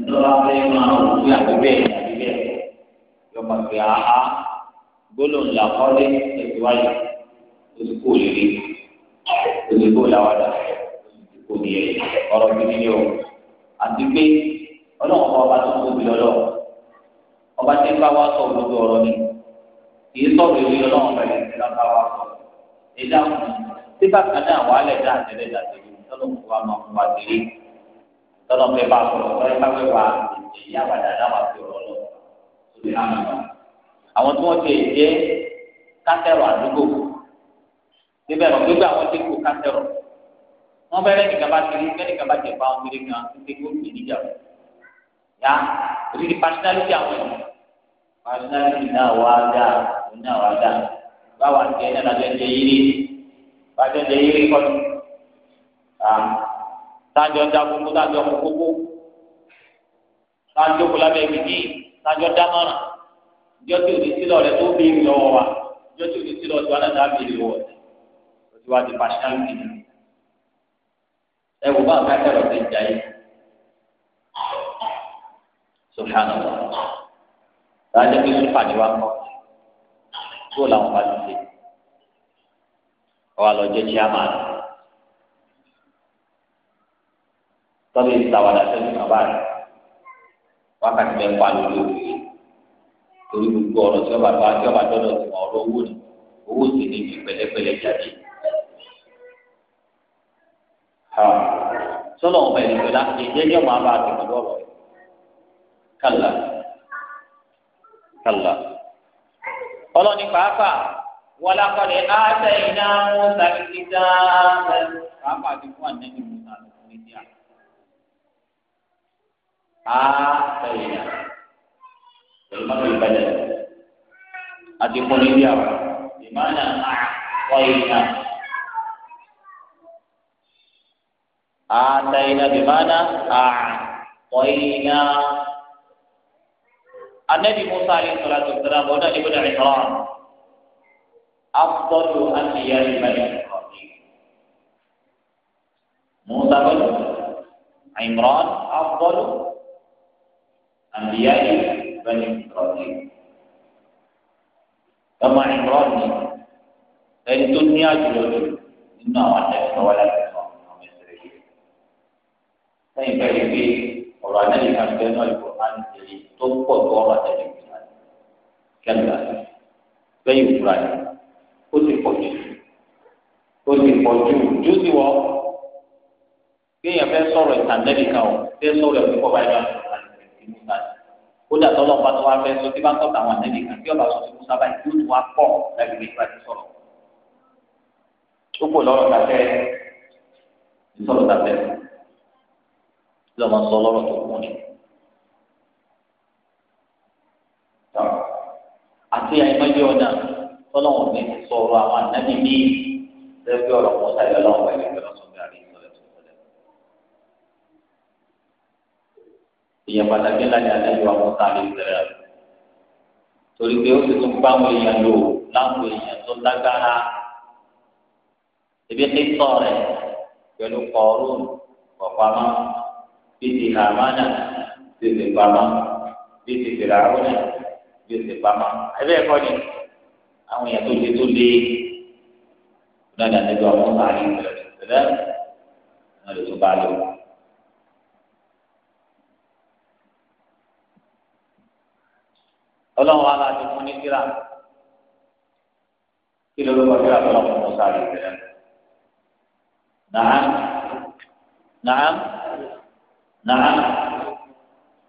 ńlọrọ abẹ́rẹ́ máa ń wù àbí bẹ́ẹ̀ àbí bẹ́ẹ̀ yọba pé aha gbólóhùn làkọ́lé ẹ̀dùwáyé oṣù kò lè rí oṣù làwàdà oṣù kò ní ẹ̀ ọ̀rọ̀ gidi ni o àti pé ọlọ́run kọ́ ọba tó tóbi lọ́lọ́ ọba tí ń bá wa sọ gbogbo ọ̀rọ̀ ni kì í sọ̀rọ̀ ìwé ọlọ́run bẹ̀rẹ̀ sí lọ́n bá wa sọ ẹ̀dá fún un tí bàtà náà wà á lẹ̀ dá àtẹ̀lẹ́dà tẹ̀lé ọlọ́run kọ́ wa máa fún wa tẹ̀lé tọ́lọ̀ fẹ́ bá sọ̀rọ̀ tọ́lọ̀ bá fẹ́ wà èyí àbàdà dáwà sí ọ̀rọ̀ lọ sórí àmì wa. àwọn tí wọ́n ti jẹ́ kátẹ́rọ̀ àdúgbò síbẹ̀ rọ̀ gbégbé àwọn tí kò kátẹ́rọ̀ wọ́n bẹ̀rẹ̀ nìkan bá ti rí kẹ́nìkan bá jẹ̀ bá wọn kiri kan títí kó gbè níjà o. yá òtítí pàṣínálítì àwọn ẹ̀ pàṣínálítì náà wá dáa òun náà wá dáa báwa ń jẹ náà tájọ da gbogbo tájọ mú gbogbo tájọ kó lábẹ́ gidi tájọ dámọ̀ràn ìjọ tí òní sílọ rẹ tó bí ìrìn ọwọ́ wa ìjọ tí òní sílọ tó anáda bí ìrìn ọwọ́ òtí wa ti pàṣẹ náà gidi ẹ wò bá nǹkan kẹrọ ti jà yìí subhanahu wa tájọ bí sùn pàdé wa kọ kó làwọn bá ti ṣe ọ àlọ jẹ tí tọ́lú ìsàwádà tó ní bàbá rẹ̀ wákàtí bẹ́ẹ̀ pa lórí òkè torí gbogbo ọ̀rọ̀ tí ọba tó àti ọba tọ́lọ̀ tí wọ́n ọ̀rọ̀ owó ni owó sì ní fi pẹ̀lẹ́pẹ̀lẹ́ jáde. sọ́lọ̀ ọ̀bẹ ìgbẹ́lá ìjẹ́ ní ọmọ abá àti pẹ̀lú ọ̀rọ̀ rẹ̀ kàlà kàlà. ọlọ́ni pàápàá wọlé akọ́ni àtẹ̀yìn náà mú sàkíkí dáa pàápàá ti fún àtẹ̀yìn mú sàkíkí. àtẹ̀yìnà ìlúmọ̀tò ìbẹ̀lẹ̀ àti kọ́lẹ́bíà ìmọ̀nà àtẹ̀yìnà àtẹ̀yìnà ìmọ̀nà àtẹ̀yìnà. النبي موسى عليه الصلاة والسلام هنا لابن عمران أفضل أنبياء بني إسرائيل موسى بن عمران أفضل أنبياء بني إسرائيل كما عمران لأن الدنيا جلوس إنه عندك ولا تسمع مصري فإن بعيد ورانا لكم بين القرآن الذي تبقى دورة الإنسان كلا فيفرد وتفوت وتفوت جزء kéèyàn fẹ́ sọ̀rọ̀ ìtànẹ́bì kan o fẹ́ sọ̀rọ̀ ẹ̀kọ́ báyìí náà sí musa yìí kódà tọ́lọ́ bá tó wá fẹ́ sọ tí bá ń tọ́ta àwọn àtẹ́lẹ̀ kan tí ọba sọ sí musa báyìí yóò tún wá pọ̀ láti lè gbà sọ̀rọ̀ ó kò lọ́rọ̀ tàbẹ́ ìsọ̀rọ̀ tàbẹ́ lọ́mọ sọ lọ́rọ̀ tó kún ni. àti àyèmọ́jẹ́ ọ̀nà tọ́lọ́wọ̀n ní sọ̀rọ̀ àwọn àtẹ́lẹ̀ míì lẹ́gbẹ́ ọ̀rọ̀ mọ́ta ìyọlọ́wọ́ ẹ̀yẹ́ lọ́sọ̀rọ̀. èèyàn pàtàkì ńlá ni àlejò àmọ́ta lè bẹ̀rẹ̀ torí pé ó sì tún bá àwọn èèyàn lò láwọn èèyàn tó lágbára ebi ti tọ̀ rẹ̀ pẹ̀lú kọ̀ọ̀rún ọ̀pamọ́ bí ti hàmánà ti ti pamọ́ bí ti ti ràrúnà bí ti pamọ́ ẹbí ẹ̀kọ́ ni àwọn èèyàn tó lé tó lé náà ní àlejò àmọ́ta lè bẹ̀rẹ̀ náà lè ọlọ́run wa láti fún ní síra kí ló ló kọ síra tọ́lá fún musa rẹ̀ tẹ́lẹ̀ nàám nàám nàám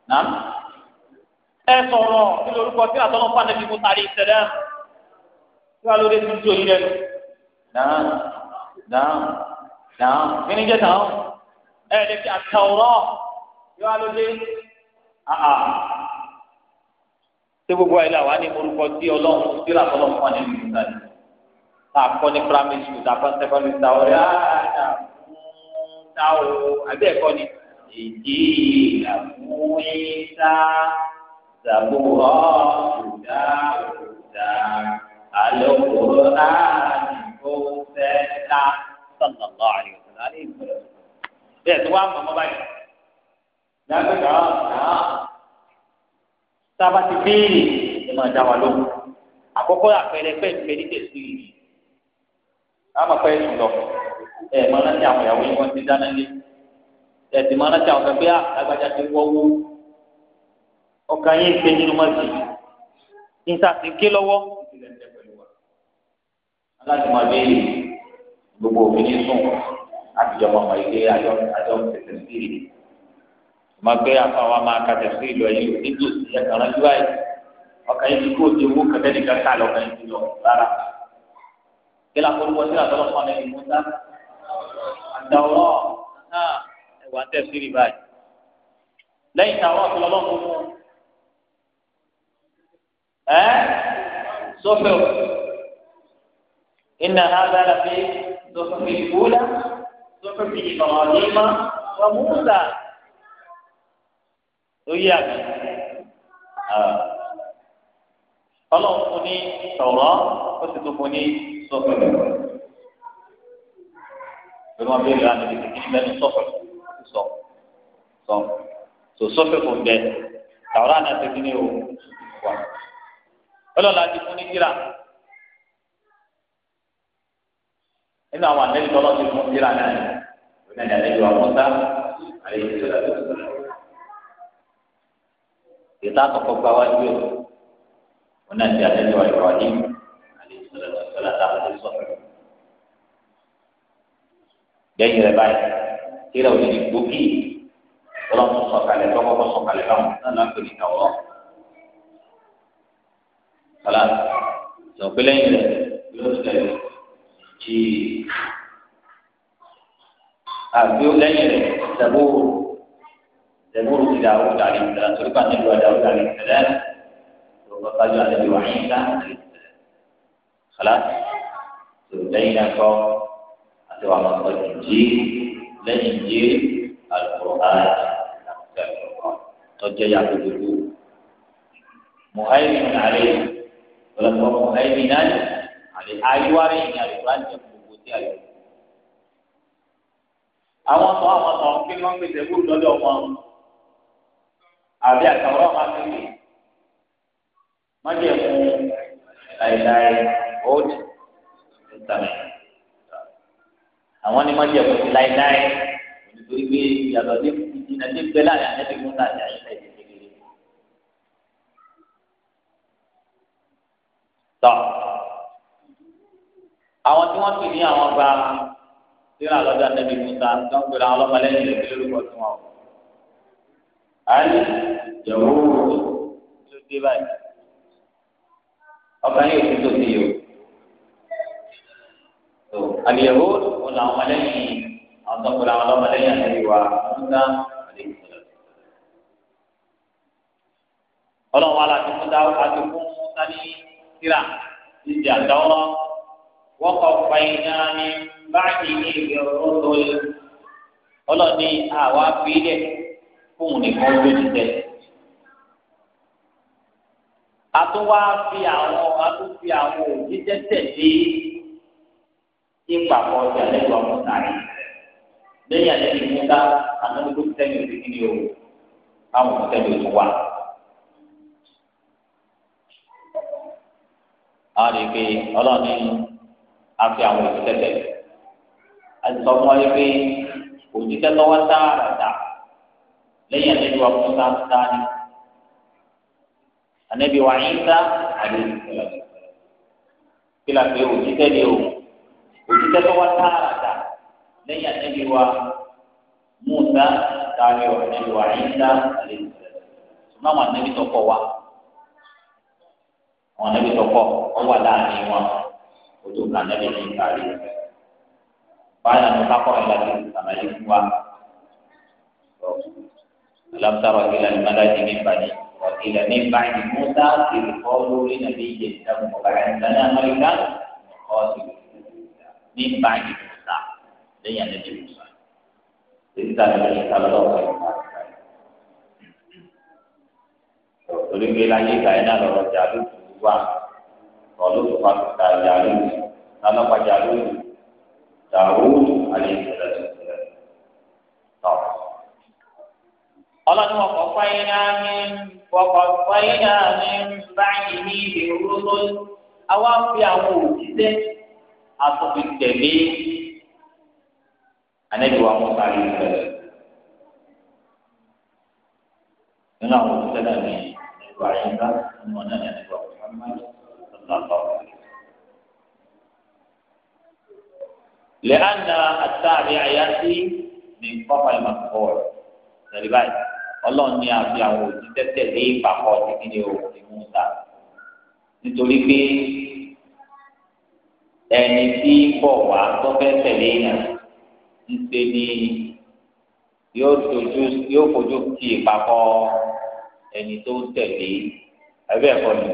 nàám ẹ sọ̀rọ̀ kí ló ló kọ síra tọ́lá fún ànábì musa rẹ̀ tẹ́lẹ̀ kí wàá lórí tuntun yìí rẹ̀ nàám nàám nàám kí ni jẹ́ tàn ẹ̀ ẹ̀ lè fi àtàwọ̀rọ̀ kí lórí àhà ṣé gbogbo àyè làwọn ní orúkọ tí ọlọ́run tí làwọn ọlọ́run wà nínú ìgbà yìí tá a kọ́ ní primary school tá a kọ́ ní secondary school tá a ọ̀rẹ́ àdá tá o àbí ẹ̀kọ́ ni èdè àmúyíṣà zàbúrò ọ̀dà ọ̀dà àlòkòrò àdìgbò sẹ́ńtà sọ̀nàmọ́ àríwọ̀sán àríwọ̀sán bẹ́ẹ̀ tí wọ́n á mọ̀ mọ́ báyìí. lágbègbè ọ̀hún náà tá a bá ti béèrè ẹ máa dá wa lóhùn àkọ́kọ́ àpẹẹrẹ pẹ́ ìfẹ́ ní tẹ̀sí yìí àmọ́ pẹ́ sùn lọ ẹ mọ rántí àwọn ìyàwó yìí wọ́n ti dáná lé ẹ sì mọ rántí àwọn pẹ́pẹ́ àgbàjá ah, ti wọ́wọ́ ọkàn yín gbé nínú mọ́tì níta sì ké lọ́wọ́ aláàbò máa béèrè gbogbo òfin ní sùn àtijọ́ ọmọ ìgbé àjọ àjọ tẹ̀sí yìí máa gbé àfàwọn máa kàtẹ sí ìlú ẹ̀yìn lò nígbò sí ẹkàn rẹ yúwa yìí ọkàn yìí kó ti owó kẹtẹ nìkan ká lọ kàn yìí lọ rárá kílà kórúkọ sí àtọwọ fún ẹni mọta àtàwọ náà ẹwà tẹ sí rí báyìí lẹ́yìn táwọn ọ̀sán lọ́wọ́ fún wọn ẹ sọfẹ o iná hàdá làbí sọfẹ ìfúlà sọfẹ ìfọwọ́ ní ma wà mú sàá tó yé àmì ọlọ́run fún ní sọ̀rọ̀ ó sì tún fún ní sọ́fẹ̀ bí wọ́n béèrè àná ibi kìíní mẹ́nu sọ́fẹ̀ sọ sọ tó sọ́fẹ̀ kò bẹ tàwọn àná ti kíní o wà ọlọ́run láti fún ní kíra nínú àwọn àlejò ọlọ́run fún kíra náà ní ìrìnàjò àlejò àwọn ọ̀tá àlejò ìṣẹ̀lẹ̀ àti ìṣẹ̀lẹ̀. Kita kọ̀kọ́ gba wájú ẹ̀ wọn náà ti àtẹ́jọ́ Ibrahim alayhi salatu wa salam táwọn Dia ini lẹ́yìn rẹ̀ báyìí kíra òní ni gbòógì ọlọ́run sọ̀kalẹ̀ tọ́kọ́kọ́ sọ̀kalẹ̀ báwọn náà náà pèlè ìtàwọ́. kọ́lá sọ pé lẹ́yìn rẹ̀ yóò Abu jí àgbéwò lẹ́yìn زبور داود عليه السلام تربة نبوة داود عليه السلام وقال على نبي وعيسى عليه السلام خلاص بين قوم أتوا مصدر الإنجيل لا إنجيل القرآن قد يعبده مهيمن عليه ولم هو مهيمنا عليه أيواري إن القرآن يقول أيواري àwọn sọ àwọn sọ kí wọn gbèsè kúrò lọ́dọ̀ wọn àbí àtàwọn ọmọ akéwì májè mú láìláì òòjì ìtàlẹ àwọn ni májè mú sí láìláì nítorí pé ìyàtọ̀ ní ìdínà ní pẹ́ láàrin àtẹ́tẹ́ fún tàbí àyíká ìdí kékeré. tọ́ àwọn tí wọ́n ti ní àwọn gba síra lọ́dọ̀ àtẹ́tẹ́ fún tàbí tó ń pèrè àwọn ọlọ́mọlẹ́yìn lè fi lórúkọ tí wọ́n. àyè jẹ̀wọ́ òwò tó dé báyìí ọkàn yóò tún tó ti yọ. tó àlìyẹ̀wò wọn làwọn ọmọlẹ́yìn àwọn tó ń kó làwọn ọmọlẹ́yìn àti ìwà múta àlejò sọ̀rọ̀. ọlọ́run wa láti fún dáwọ́ àti fún múta síra ìdí àdáwọ́ wọ́n kọ́ fẹ́yìn náà ní báyìí ní ìgbẹ́rún tó lé ọlọ́ni àwa fi ilẹ̀ fóun nìkan ló ti tẹ̀ àtúwá fi àwọn àtúfi àwọn òbí tẹ́tẹ̀ lé ìpapọ̀ ọjà lẹ́gbàá mọ́tàrí lẹ́yìn àti ìmúta àwọn ìlú tẹ́lẹ̀ òbí kí ni o àwọn tẹ́lẹ̀ òbí wà. àwọn ìpè ọlọ́ọ̀ni àfi àwọn òbí tẹ́tẹ̀ àti sọ́kùn wáyé pé òbí tẹ́tọ́ wá sáà rà dà lẹ́yìn àti ìlú àkúntà sáà anabi wa Isa alayhi salam kila pe òtítẹ́ ni o òtítẹ́ tó wá tààràtà lẹ́yìn anabi wa Musa tààrí wa anabi wa Isa alayhi salam ṣùgbọ́n àwọn anabi tó kọ wa àwọn anabi tó kọ wọn wà láàrin wọn o tó ka anabi ní ìparí báyà ní kakọ ìlànà ìsàlàyé fún wa alamtara ìlànà ìmàlàjì ní ìparí. وقيل من بعد موسى إذ قالوا لنبي اتقوا بعد لنا ملكا نقاتل من بعد موسى لي نبي موسى إذ قال لك الله torí pé láyé ìgbà yẹn náà lọ́rọ̀ jà lóṣù wá ọlọ́sùn pàtàkì jà lóṣù lálọ́pàá jà lóṣù dàrú àlejò lọ́sùn. ọlọ́dún ọkọ̀ fáyínà ní ọkọ̀ fáyínà ní báyìí ní ìrúró lónìí àwa fi àwọn òṣìṣẹ́ àtọ̀fìtẹ̀lé anẹ́bíwá mọ́ta rí ìfẹ́ nínú àwọn òṣìṣẹ́ náà ní ìwà ìgbà nínú ọ̀nà ní ìwà Muhammad sallallahu alayhi لأن التابع يأتي من قبل المقبول sẹ́rí báyìí ọlọ́run ní àfi àwọn òbí tẹ́tẹ̀ ní ìpapọ̀ títí ní òun ní Musa nítorí pé ẹni tí bọ̀ wá tó fẹ́ tẹ̀lé yàn ń ṣe ni yóò dojú yóò fojú kí ìpapọ̀ ẹni tó ń tẹ̀lé ẹbí ẹ̀kọ́ ni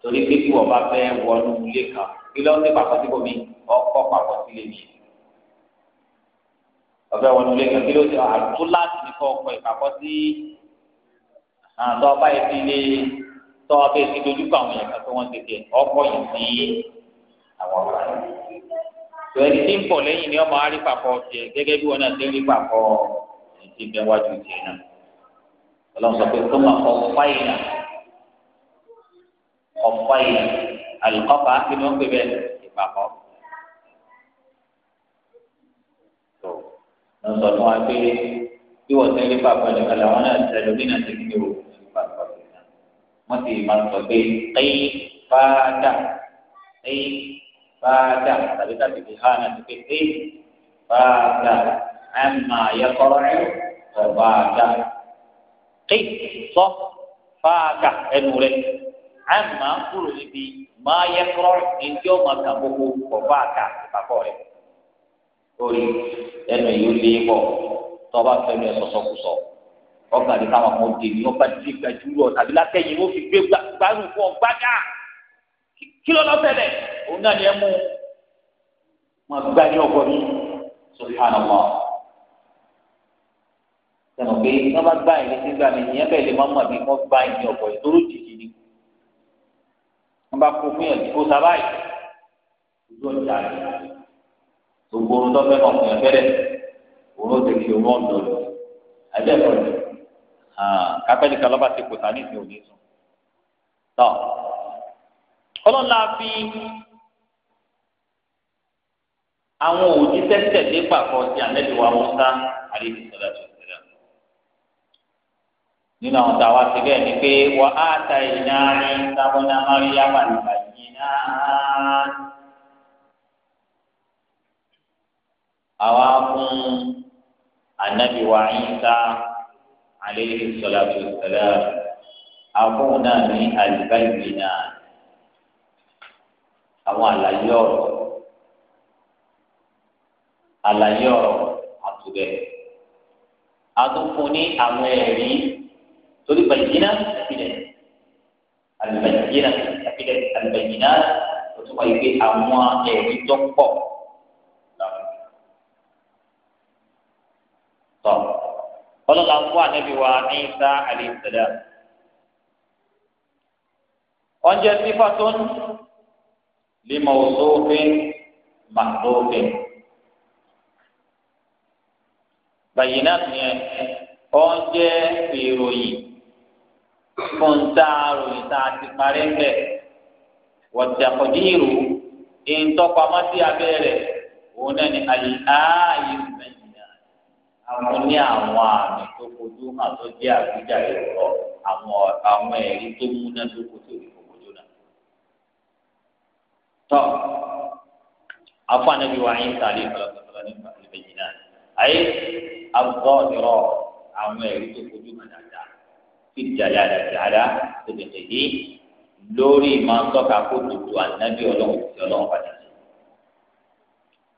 torí pé kí wọ́n bá fẹ́ wọnú ilé kan kí lọ́ọ́ ní papọ̀ síbòmí ọkọ̀ papọ̀ sílé mi ọbẹ̀ wọn lè kàn kí ló ti àtú láti ní kọ́ ọkọ̀ ìpapọ̀ sí àtọ́ ọba ìfi lé tọ́ ọbẹ̀ ìfi dojúkọ àwọn èèyàn kan tó wọ́n ti tẹ̀ ọkọ̀ yìí sí àwọn ọba yìí. ìrẹ̀lì tí ń bọ̀ lẹ́yìn ni ọmọ arí papọ̀ tiẹ̀ gẹ́gẹ́ bí wọn náà ti rí papọ̀ ti bẹ wájú tiẹ̀ náà. ọlọ́run sọ pé tó máa kọ fáìlà kọ fáìlà àlùkọ́fà kí ni wọ́n pè bẹ́ẹ̀ ìpapọ̀. lọ sọ fún wa pé bí wọ́n tẹ́lẹ̀ pàpọ̀ nìkan làwọn náà ti tẹ̀lé bí náà ti kí o pàpọ̀ nìkan wọ́n sì máa sọ pé ẹyí fáadà ẹyí fáadà tàbí tàbí fi hàn náà ti pé ẹyí fáadà ẹ̀ máa yẹ kọ́rọ́ ẹ̀ ọ̀bá àdá ẹyí sọ fáadà ẹnu rẹ̀ ẹ̀ máa kúrò níbi máa yẹ kọ́rọ́ ẹ̀ ń tí ó máa kà gbogbo ọ̀bá àdá ìpàkọ́ rẹ̀ orí ẹnu yìí ó lé pọ̀ tọ́ba fẹ́mi ẹ̀ sọ̀sọ́kùsọ ọkà ní káwọn kan dè ní ọba tí gbajúlù ọ̀ tàbí látẹ̀yìn ó fi gbé gbárùn fún ọgbà dá kí ló lọ tẹ̀lẹ̀ òun náà ni ẹ mú wọn gbá ní ọkọ ní subhanallah sọ̀rọ̀ pé tí wọ́n bá gbá yìí létí gbà mí ìyẹn bẹ́ẹ̀ lè má mọ̀ bí gbá yìí ní ọ̀pọ̀ ìtòrò jìjì ni wọ́n bá kó fún yàn kó sábà yìí ojú ọjà rẹ̀ gbogbo ohun tó fẹ́ kàn fún ẹ̀fẹ́rẹ́ òun ó ti fi owó ọ̀dọ́ lọ ẹ̀dẹ́gbẹ́ rẹ̀ kápẹ́lì kan lọ́ba ti kò tà ní ìsìn òní sùn. tọ́ ọlọ́la fi àwọn òdì tẹ́tẹ̀ dé pàkọ́ ti ànẹ́bíwá mọ́sá àdéhùn sọ́dọ̀ tó ṣẹlẹ̀. nínú àwọn tàwa ti bẹ́ẹ̀ ni pé wọ́n á ta ìnáàrin sábọ́nà máríyá wà nígbà yìí náà. àwa fún anabi wa Isa aleyhi salatu salam àfọwọ́n náà ní àlùbáyìí náà àwọn àlàyé ọ̀rọ̀ àlàyé ọ̀rọ̀ àtúbẹ̀ àtúnfún ní àwọn ẹ̀rí torí bàjínà àfilẹ̀ àlùbàjínà àfilẹ̀ àlùbàjínà ó tún wáyé pé àwọn ẹ̀rí tó pọ̀. ọlọ́la fún ànábì wa ní Ìsá àlẹ́sẹ̀dá. ọjọ́ sífàtún lè mọ̀ òṣòfin màlúfin. bàyìí náà yẹn ọjọ́ ìròyìn fún tá a ròyìn tá a ti parí ń bẹ̀ wọ̀dàkọ̀dí ìrù ìǹtọ́pamọ́sí abẹ́rẹ́ òun náà ni àlè áàyè mẹ́jọ àwọn ní àwọn àmì tó kojú hàn tó jẹ́ àbújá ìrọ̀ àwọn àwọn ẹ̀rí tó múnádóko tó lè fòkò jóná. tọ́ afọ́nàbí wa ayé sàlẹ̀ ìfọlọ́sọ̀tọ̀ nípa ìbẹ̀yìn náà ayé abọ́ ìrọ̀ àwọn ẹ̀rí tó kojú hàn dáadáa fi jàdá jàdá tẹ̀lẹ̀tẹ̀ yìí lórí máa ń tọ́ka kó tuntun ànábì ọlọ́run ti ọlọ́run padà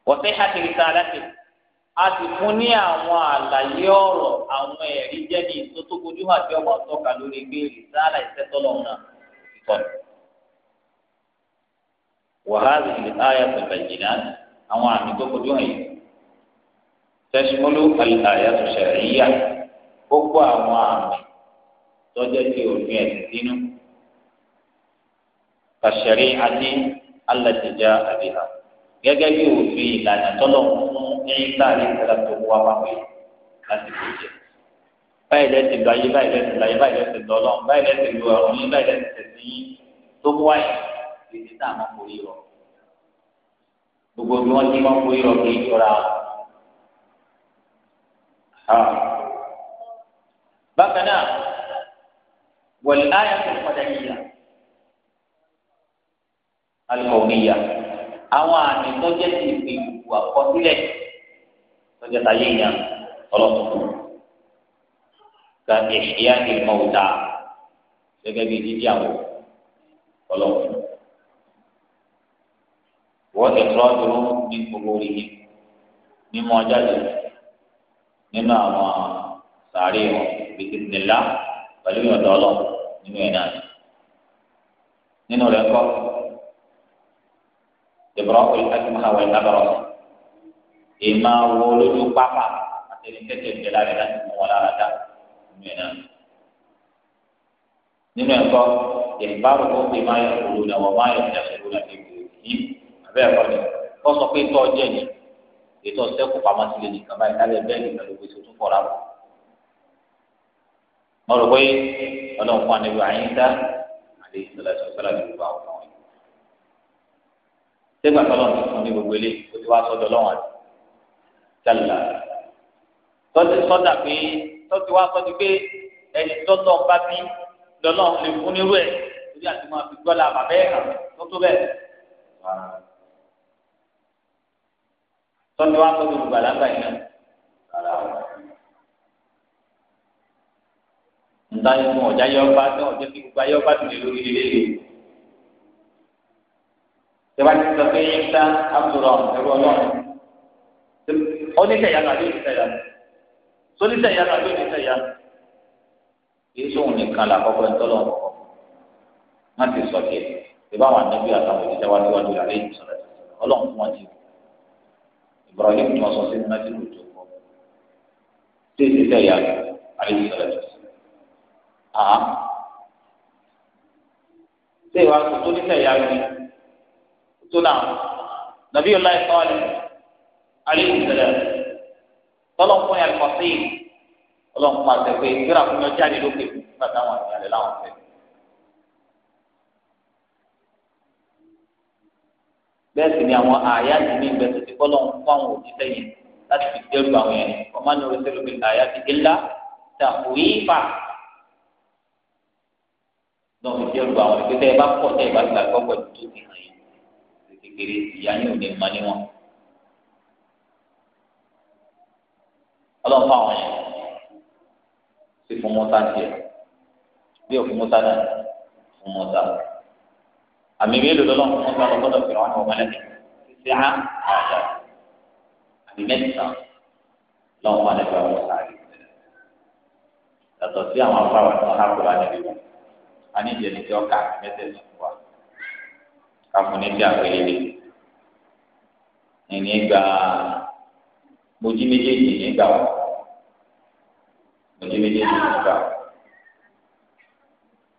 wọ́n ti hàtìrì sáà láti a sì fún ní àwọn àlàyé ọ̀rọ̀ àwọn ẹ̀rí jẹ́ ní ìtótókojú àti ọmọ tọ́ka lórí pé ìsáàlà iṣẹ́ tọ́lọ́run náà ti tọ́ ni. wàhálà ìlú ayé àtàlà ìjìnlá àwọn àmì tó kojú hàn yìí tẹsimúlú àyà tó ṣẹlẹ̀ yíyá gbogbo àwọn àmì tọ́jọ́ tí òfin ẹ̀sìn sínú kàṣẹ̀rí àti alàjẹjà àbíhà gẹ́gẹ́ bí òfin ìlànà tọ́lọ́run fún ní ìgbà àlè ìtẹlẹ tó wọ àwọn àwọn yìí láti kó jẹ báyìí lẹsìn lọ ayé báyìí lẹsìn lọ ayé báyìí lẹsìn lọ lọ báyìí lẹsìn lọ ọrùn yín báyìí lẹsìn lẹsìn yín tó mú wáyé èdè tá a máa kó yìí rọ gbogbo bí wọn ti máa kó yìí rọ kì í jọra bákan náà wọlé ayé tó padà yìí yá alikọ̀ọ́nìyà àwọn àmì tó jẹ́ ti ìpè ìwà kọsílẹ̀ lọ́jọ́ ta yé yàn ọlọ́kùn ka ìṣìyà ìmọ̀ọ́ta gẹ́gẹ́ bí dídí àwọ̀ ọlọ́kùn wọ́n ẹ̀tọ́ dúró ní gbogbo yìí mímọ́ jáde nínú àwọn sàárè wọn bìtì nílá pẹ̀lú ìyọ̀dọ̀ ọlọ́ nínú ẹ̀ náà nínú rẹ̀ kọ́ ìbúra ọ̀pẹ̀lẹ̀ àti mọ́hàwẹ̀ lábàrọ̀ èèmà wọ lójú pápá àtẹnitẹ́tẹ̀ ìjẹlá rẹ̀ láti mú wọn lára dá nínú ẹ̀ náà. nínú ẹ̀kọ́ ìbáru kó fi máa yẹ kúrò náà wọ́n máa yẹ kí ẹ̀sùn náà fi kúrò yìí abẹ́ ẹ̀kọ́ ni kó sọ pé tọ́ jẹ́ ni ètò ọ̀sẹ́kù pamọ́ sílẹ̀ nìkan báyìí lálẹ́ bẹ́ẹ̀ni pẹ̀lú pé tó tún kọ̀ láwọ̀. mo rò pé ọlọ́run fún àníbi àyíká àti ìṣẹ̀lẹ̀ ìṣọ̀sọ́lá kàlà tọ́sí sọ́dà pé tọ́sí wá sọ́dí pé ẹni tọ́tọ̀ bá bí lọ́nà lè fún nírú ẹ̀ torí àti máa fi gbọ́dọ̀ àbàbẹ́ hàn tó bẹ́ẹ̀. tọ́sí wá sọ́dí olùgbà lágbà yìí náà. nta yìí fún ọjà yọ ọba tí ọjọ́ tí gbogbo ayé ọba tó lè lórí lè lè. tẹ́wájú sọ pé yín sá àbúrò ẹ̀rọ ọlọ́run oníṣẹ̀yanu àbí oníṣẹ̀yanu sóníṣẹ̀yanu àbí oníṣẹ̀yanu kìí sóhun nìkan là kọ́kọ́ ńtọ́lọ́ kọ́kọ́ má ti sọ tiẹ̀ ìbá wà níbi àtàwọn òṣìṣẹ́ wa níwájú rẹ̀ àlẹ́ ìṣọ̀rọ̀ ọlọ́run fún wọn ti Ibrahim tí wọ́n sọ sí nígbà tí mo tó kọ́ tí ìṣẹ̀yanu àlẹ́ ìṣọ̀rọ̀ àá tí ìwà tó níṣẹ̀yanu tó náà nàbí ọláìsọ̀ọ́lẹ̀ aleyhi sẹlẹ tọlọmọ yẹn kọ sí ọlọmọ àti pé ìgbéra fún yọ jáde lókè nígbà táwọn ènìyàn lè láwọn fẹ́. bẹ́ẹ̀ sì ni àwọn àyà ti ní ìgbẹ́ tó ti kọ́ lọ́wọ́ fún àwọn òṣìṣẹ́ yẹn láti fi dẹ́rù àwọn yẹn ọmọ ní orí sẹ́lẹ̀ bíi àyà ti ńlá tàkù yífà lọ́ fi dẹ́rù àwọn ìgbésẹ̀ bá pọ̀ tẹ́ ìbá gbàgbọ́ pẹ̀lú tó ti hàn yìí kékeré ìyá yóò ní ma ní wọn. ọlọ́run fáwọn yẹn sì fún mọ́tà tiẹ̀ bí òfin mọ́tà náà fún mọ́tà àmì mélòó lọ́lọ́run fún mọ́tà lọ́gbọ́dọ̀ fi wọn ọmọ lẹ́yìn sí á àjà àmì mẹ́ta lọ́wọ́ wọn lẹ́gbẹ̀ẹ́ wọn sáré yàtọ̀ sí àwọn afáwà tó ń hákùrọ̀ àdébí wọn a ní ìjẹ́ni tí ọkà mẹ́tẹ̀ẹ̀sì fún wa káfún ní bí àpèlélé ìní gba mojí méjèèjì ní wọn ní méjèèjì nígbà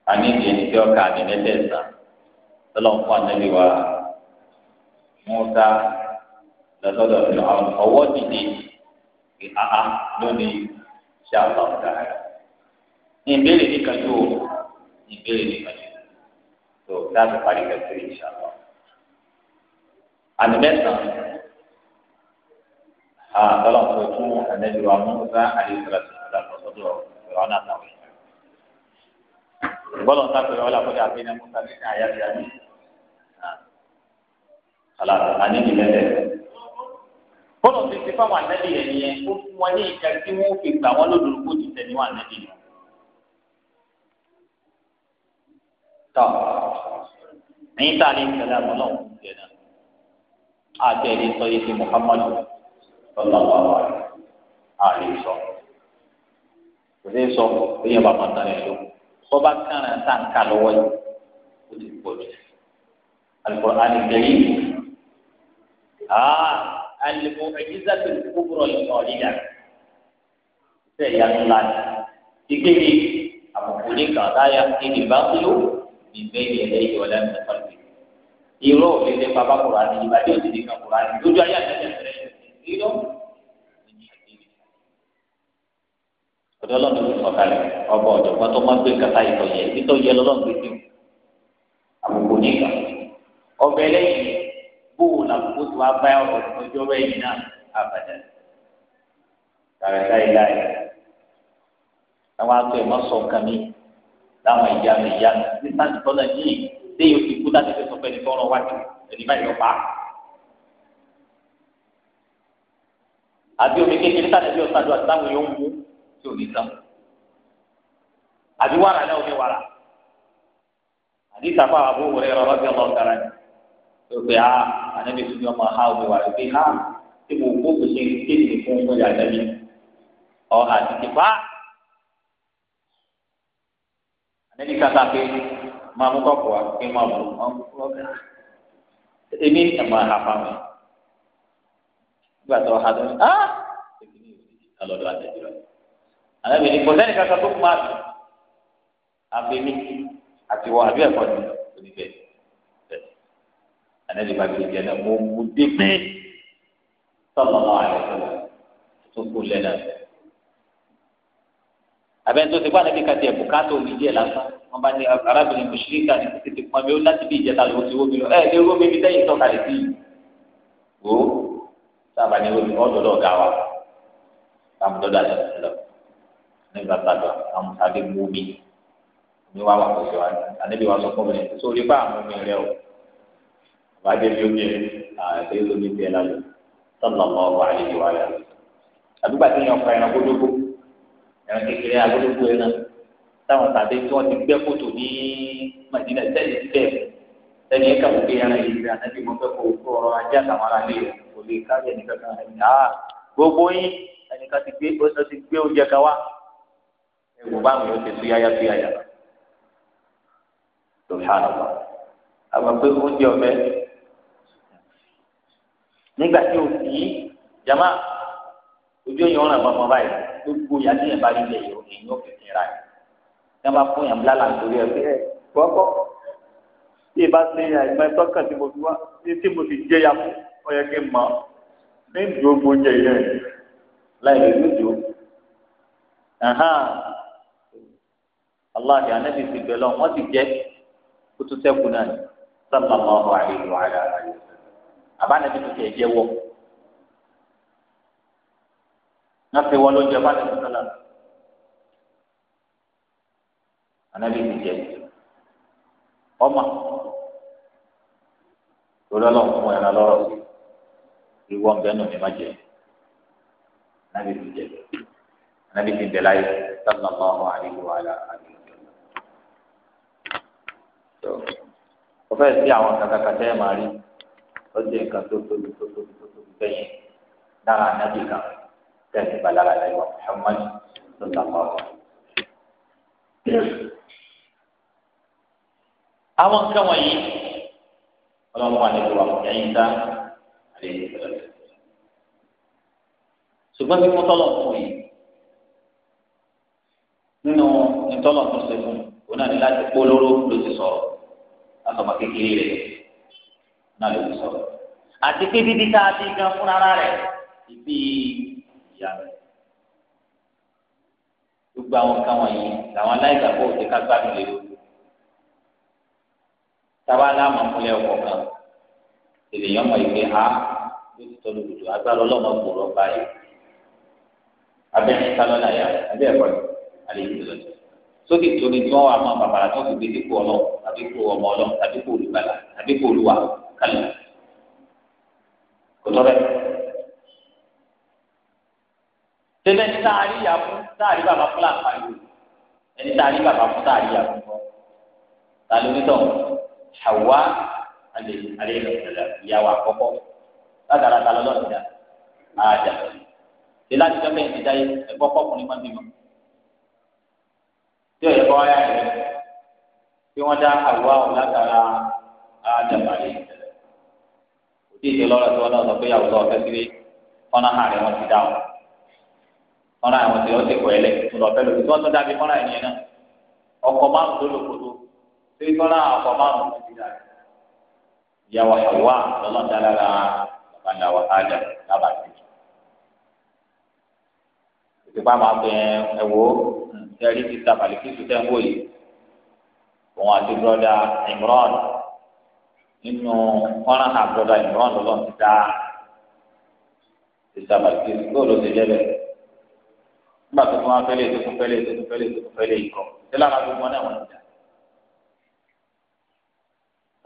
a ní ìdí ẹni tí ọkà ní mẹ́tẹ̀ẹ̀sán tọ́lọ̀ fún anábì wa mọ́tà lọ́sọ̀dọ̀ fún àwọn ọwọ́ dìde kí aha lónìí ṣe àbá ọ̀gá rẹ̀. ìbéèrè nìkan yóò ìbéèrè nìkan yóò ah, tó dáàbò parí kẹsìrì ìṣàlọ́. àmì mẹ́sàn-án tọ́lọ̀ fún anábì wa mọ́tà àdìsọ́lá padà lọ sọ́dọ̀ ìrọ̀nà àtàwọn èèyàn. bọ́lọ̀ ń sàpèrè ọlá fún yàtí ní musa ní àyàtí àní. aláàbò àní ní lẹ́lẹ̀. bọ́lọ̀ ti ti fáwọn àtẹ́lẹ̀ yẹn yẹn ó fún wọn ní ìjà tí wọ́n fi gbà wọ́n lódò kó ti tẹ̀ níwọ̀n àtẹ́lẹ̀ yẹn. tọ́ ẹ̀yin tá a lè tẹ̀lé àbọ̀ náà wọ́n ti sọ yìí ti muhammadu sọlá wàhálà àlè sọ kò sí sọ pé yẹn bàbá tán ẹ lọ sọba kàrán tá n ká lọ́wọ́ yìí ó ti pọ̀ jù Al-Qur'an al-Karim aa ah, al-mu'jizatu al-kubra al-qalila bẹ́ẹ̀ yà ló la ìkéde àbùkù ní kàdá yà kéde bá ń lò ní bẹ́ẹ̀ yẹn lẹ́yìn ọ̀lẹ́ mi kọ́ lóye irọ́ òlélẹ́ bàbá kura ni ìbàdí òsì ní kan kura ni lójú ayé àti ẹ̀jẹ̀ rẹ̀ ìrọ́. ọ̀dọ̀ ọlọ́run ti sọ̀tà rẹ̀ ọba ọ̀jọ̀gbọ́n tó máa gbé kàtà ìtọ̀ yẹ ibi tó yẹ lọ́lọ́run gbé sí àbùkù níkà ọbẹ̀ lẹ́yìn bóun làbùkù tó wá bá ọjọ́ bẹ́yìn náà àbàdàn tààràtà ìlà ẹ̀ àwọn atọ ẹ̀ má sọ nǹkan mi láwọn ìyá mi ìyá mi ní sáàtì tọ́lá yìí dé yóò fi kú láti fi sọ pé ẹni tọ́lọ́ ẹni báyìí lọ pa. àbí omi kékeré sáà tí ò ní tán àbí wàrà náà ò ní wàrà àbí ìtàkùn àwọn àbúrò rẹ rọrọ bí ọmọ ọgara ni ó pe a ah, ànábi tún ní ọmọ ha ò ní wàrà pé a ah, tí mo kó kò ṣe kéde fún ọmọ ìyá ànábi ọ àti tìpa ànábi kàkà pé máa mú kọ́pù wa kí n máa mú ọgbà èmi ẹ̀ máa ha fáwọn nígbà tó ha tó ní a ah, èmi ní ìlú alọ́dọ̀ àtẹ̀jọ́ rẹ̀ àlẹ́bí ni kò sẹ́ni kankan tó kú máa bì abèmí àti wọ àbí ẹ̀kọ́ ni oníbẹ̀ bẹ̀ àlẹ́bí bá ti jẹ́ náà mo mú dé pé sọ́nà máa yọ tó kú lẹ́nà abẹ́ntó ti bá àlẹ́bí kàti ẹ̀kú káàtó omi díẹ̀ lásán wọ́n bá ní arábìnrin mùsùlùmí kan ní títí pọn mi ó láti bí ìjẹta lọ́wọ́ ti wó mi lọ ẹ̀ ẹ̀ ló mi bí sẹ́yìn tọ́kalẹ̀ sí i wò ó sábà ní olùkọ́ ọ̀dọ́dọ̀ wa láàmú lọ́dọ̀ àti nígbà tàbí àwọn sábẹ́ mú mi ní wàá wà lóṣù wa ànábì wa sọ fún mi sórí bá àwọn mi rẹ o àbájẹ bí ó bẹ àti lómi bẹ lálẹ́ sọlọ mọ ọkọ àlejò wa rẹ àdúgbà tí yẹn fa ẹran gbódógbó ẹran kékeré agbódógbó yẹn náà táwọn sábẹ́ tí wọn ti gbẹ́ kótó ní Madina tẹ́lẹ̀ tẹ́lẹ̀ tẹ́lẹ̀ ẹka wò pé ẹran yìí rẹ ànábì mọ fẹ kó kó ọ̀rọ̀ ajé àtàwọn ará ilé rẹ ẹ̀wù bá mi ò ṣe túyáyá túyáyá subhanallah àwọn pé oúnjẹ ọbẹ̀ nígbà tí o fi jama ojú èèyàn ọ̀ràn mọ́mọ́ báyìí gbogbo yàtí yẹn bá rí ilé yìí èèyàn ò kẹ̀kẹ́ ra yìí yẹn bá fún yàn bílálà nítorí ẹ̀ pé ẹ̀ kọ́kọ́ tí ì bá ṣe àìmọ́ ẹ̀ tọ́kàn tí mo fi wá tí mo fi jẹ́ ya fún ọyẹ kí n mọ̀ ní ìdúró gbóúnjẹ yẹn láì lè lójú aláàbí anábì ti bẹ̀ lọ wọ́n ti jẹ́ kó tó sẹ́kù náà sábà máa wà nínú ara rẹ̀ àbánabi tó tiẹ̀ jẹ́ wọ́ náà fi wọ́n ló jẹ́ bánabi sọ́lá anábì ti jẹ́ ọmọ torí ọlọ́run fún ẹran lọ́rọ̀ sí ìwọ ń bẹ́ẹ̀ nù mí má jẹ́ anábì ti jẹ́ anábì ti bẹ̀ láyé sábà máa wà nínú ara rẹ̀ tó o fẹ́ sí àwọn kàkàkà tẹ́ ẹ máa rí ó jẹ́ nǹkan tó tóbi tó tóbi tó tóbi bẹ́yẹn lára anábì kan tẹ̀sí balára lẹ́wọ̀ Muhammad lọ́la pàwọ́. àwọn nǹkan wọ̀nyí ọlọ́run wà nínú àwọn ẹ̀yìn dá àlẹ́ ìṣẹ̀lẹ̀ ṣùgbọ́n bí mo tọ́lọ̀ fún yìí nínú ìtọ́lọ̀ tó ṣe fún un òun náà ní láti polówó ló ti sọ̀rọ̀ látọmọ kékeré rẹ náà ló ń sọ̀rọ̀ àti pé bíbí tá a ti gan fúnra rẹ ibi ìyá rẹ gbogbo àwọn nǹkan wọ̀nyí làwọn aláìgbàgbọ́ òde ká gbádùn lé lórí táwa láàmú ọkùnrin ọkọ kan ènìyàn mọ ìgbé ha ló ti tọ́ lójoojú agbára ọlọ́mọ gbòòrò báyìí abẹ́rẹ́ sálọ́nà yà abẹ́ẹ̀kọ́ àlejò lọ́jọ́ sókè torí tí wọ́n wà máa bàbàrà tó fi gbé dípò ọlọ́run tàbí kó ọmọ ọlọ́run tàbí kó olùgbàlà tàbí kó olùwà kálí kò tọ́ bẹ́ẹ̀. tẹ́lẹ̀ ní sáàrí ìyá fún sáàrí bàbá fún làǹfààní ẹni sáàrí bàbá fún sáàrí ìyá fún wọn ta ló ní tọ̀ Hawa alẹ́ ìlọ̀sẹ̀lẹ̀ ìyàwó àkọ́kọ́ látara ta lọ́lọ́ọ̀dà àjà tẹ́lẹ̀ àti sọ́kẹ́ ìdíjáyé ẹ̀kọ́ kọ́kùnrin má tí ọ̀yẹ́ bá yà rẹ̀ bí wọ́n dá àwa ọ̀ látara àdàbàlẹ̀ òdì ìdè lọ́rọ̀ tí wọ́n náà sọ pé yàwó lọ́wọ́ fẹ́ sílé fọ́nà hàn rẹ̀ wọ́n ti dá wọn fọ́nà àwọn tí wọ́n ti kọ̀ ẹ̀lẹ́ lọ́ọ́ fẹ́ lóbi tí wọ́n tún dábí fọ́nà ẹ̀yẹn náà ọkọ̀ márùn ló lò kótó tí fọ́nà ọkọ̀ márùn ti dá ìyàwó tẹ́rí ti ta pàlíkìtù tẹ́ ń wò yìí òun àti broda Imran nínú fọ́nrán hàn broda Imran lọ́lọ́run ti ta ti ta pàlíkìtù góòlù ti lẹ́lẹ̀ nígbà tó fún wa fẹ́lẹ̀ tó fún fẹ́lẹ̀ tó fún fẹ́lẹ̀ tó fún fẹ́lẹ̀ ikọ̀ tí lára gbogbo náà wọ́n ti dà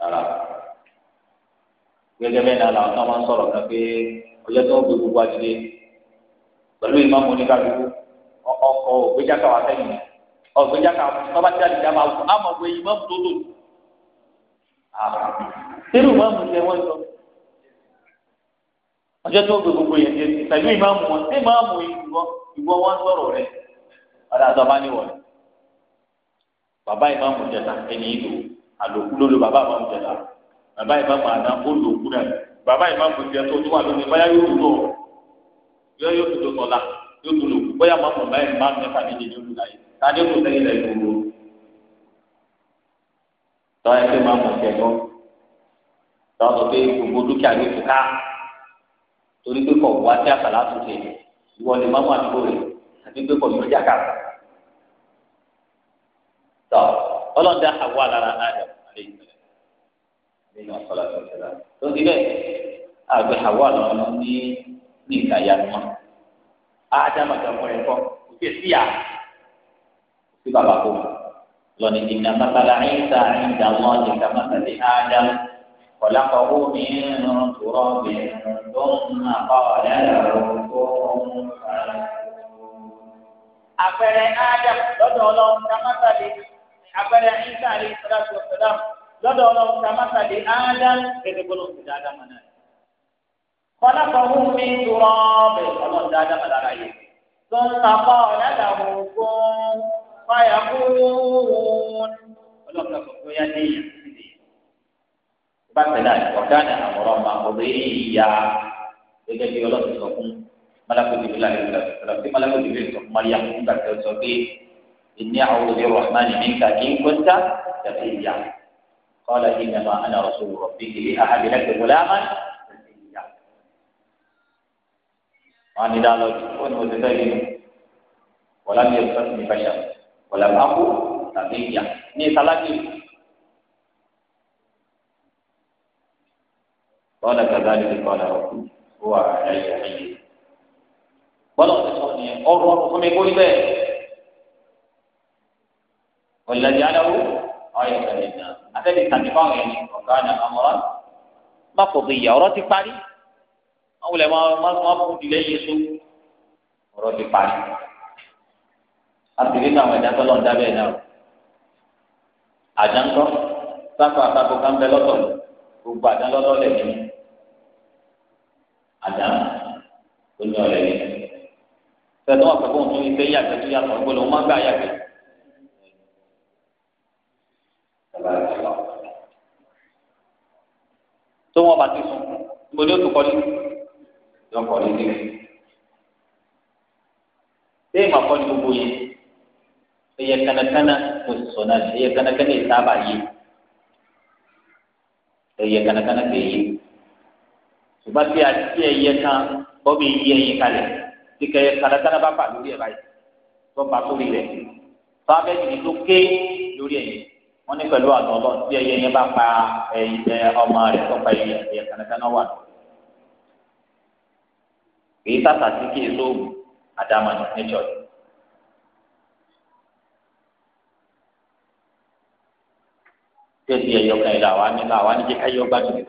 rárá gẹ́gẹ́ bẹ́ẹ̀ náà làwọn tó sọ̀rọ̀ kan pé ọjọ́ tó ń gbé gbogbo adìyẹ pẹ̀lú ìmọ̀ mọ́níkàdúgbò ọkọ̀ ògbéjáka wà fẹ́ mi ọ̀gbéjáka tọ́ba tí a lè dábàá wò á mọ̀ pé ìmọ̀ tó lò. sínú ìmọ̀ mi ṣe wọ́n sọ ọjọ́ tó gbé gbogbo yẹn dé pẹ̀lú ìmáàmù wọn sí ìmáàmù ìwọ ìwọ wọn sọ̀rọ̀ rẹ ọ̀dà àtọ́ba ní wọ̀nyí. bàbá ìmáàmù jẹta ẹni ìlú àlòkù ló lo bàbá ìmáàmù jẹta bàbá ìmáàmù àná ó lò kú náà bàbá ìmáàmù jẹ tó tún wà lónìí báyà yóò tó yóò tó bóyá máa mọ̀ báyìí máa mẹ́fà méje ní olùdarí tàbí kò sẹ́yìn lẹ́yìn gbogbo tọ́ ẹ pé máa mọ̀ sí ẹ̀gbọ́n tọ́ sọ pé gbogbo dúkìá yóò fi ká torí pé kọ̀ wá sí àkàlà àtúnṣe ìwọ ni máa mọ̀ àdúgbò rẹ̀ àti pé kọ̀ yọjá kà tọ́ ọlọ́dẹ àwọ̀ alára náà dẹ̀ àlẹ́ ìgbẹ̀lẹ̀ nínú ọ̀sọ́lá tó ń ṣẹlẹ̀ tó ní ìgbà yanu ádámà gbàgbọ́ rẹ̀ kọ́ kò sí èsì yà sí bàbá kò lọ́ni ìdìgbà mọ́tàlá ẹ̀yìnsá ẹ̀yìnsá wọn ti ka mọ́tàlá ádámù kọ̀lákọ̀ọ́ mi ń tòrọ́ mi tó ń nàkọ́ ọ̀lẹ́rọ̀ tó ń sàrẹ̀. àpẹẹrẹ ádámù lọ́dọ̀ ọlọ́run ka mọ́tàlá àpẹẹrẹ ẹ̀yìnsá ẹ̀yìnsá lọ́dọ̀ ọlọ́run ka mọ́tàlá ádámù gẹ́gẹ́ bọ́lọ́ kọlákọ̀ọ́hù mi dùrọ̀ bẹ́ẹ̀ ọlọ́run dáadáa mà lára yìí tó ń sapá ọ̀dà làwọn ogun fáyà kúrún ọlọ́run náà kò yá dé yàn sílẹ̀ bákan náà ọ̀gá ni àwòrán máa kọ lé ìyá gẹ́gẹ́ bí ọlọ́run sọ fún malakudi bí láti sọ sọ bí malakudi bí sọ fún mariam nígbà tí sọ pé ìní àwọn olùdíje rahman ní ń kọjá tàbí ìyá kọ́lá ìnáwó àná rọ̀ṣọ́ wọn ní dálọ́jì ó ní mo ti fẹ́ yìí wọ́n lábẹ́ ẹ̀ sọ́ọ̀tì ní fẹ́ṣà wọ́n làbá kú tàbí ìyá ní ìsalájì. قال كذلك قال ربي هو علي حي بلغ تصوني أرى رسول يقول به والذي جعله آية للناس أتدري تنفعني وكان أمرا مقضيا ورتب عليه wọn wulẹ̀ wọn kú ìdílé yìí sún ọ̀rọ̀ ti parí àtìrí náà àwọn ẹ̀dá tọ́lọ̀ ń dábẹ́ náà àdáńtọ́ sáfà àtàkùn kan bẹ lọ́tọ̀ gbogbo àdán lọ́tọ̀ lẹ̀ ní àdán tó ní ọ̀rẹ́ ní sẹ́tọ́ wọn fẹ́ẹ́ fún un ìfẹ́ tó yàtọ̀ gbọ́dọ̀ wọn má gbà yàgbẹ́. tó wọn bá ti sùn gbọ́dọ̀ tó kọ́ ní yọkọ̀ nílé bẹ́ẹ̀ máa kọ́ ní gbogbo yẹn ẹ̀yẹ kánnakánná kò sì sọ̀nà ẹ̀yẹ kánnakánná ìsáàbà yé ẹ̀yẹ kánnakánná kò yé ṣùgbọ́n tí a ti ẹ̀yẹ kan bọ́ bí yí ẹ̀yẹ kalẹ̀ kíkẹ́ kánnakánná bá fà lórí ẹ̀ báyìí tó bá sórí rẹ̀ sábẹ́ ìdí tó ké lórí ẹ̀yẹ wọ́n ní pẹ̀lú àtọ̀lọ́ tí ẹ̀yẹ yẹn bá pa ẹ̀yẹ ọmọ rẹ̀ tó pa ẹ̀yẹ kánnakánná wà lórí kì í tàtà sí kí èso òògùn àdámanì níjọ̀dún. tẹ̀sí ẹ̀yọ kan ìlà wa nílà wa ní kíkà yọ gbàdúrà.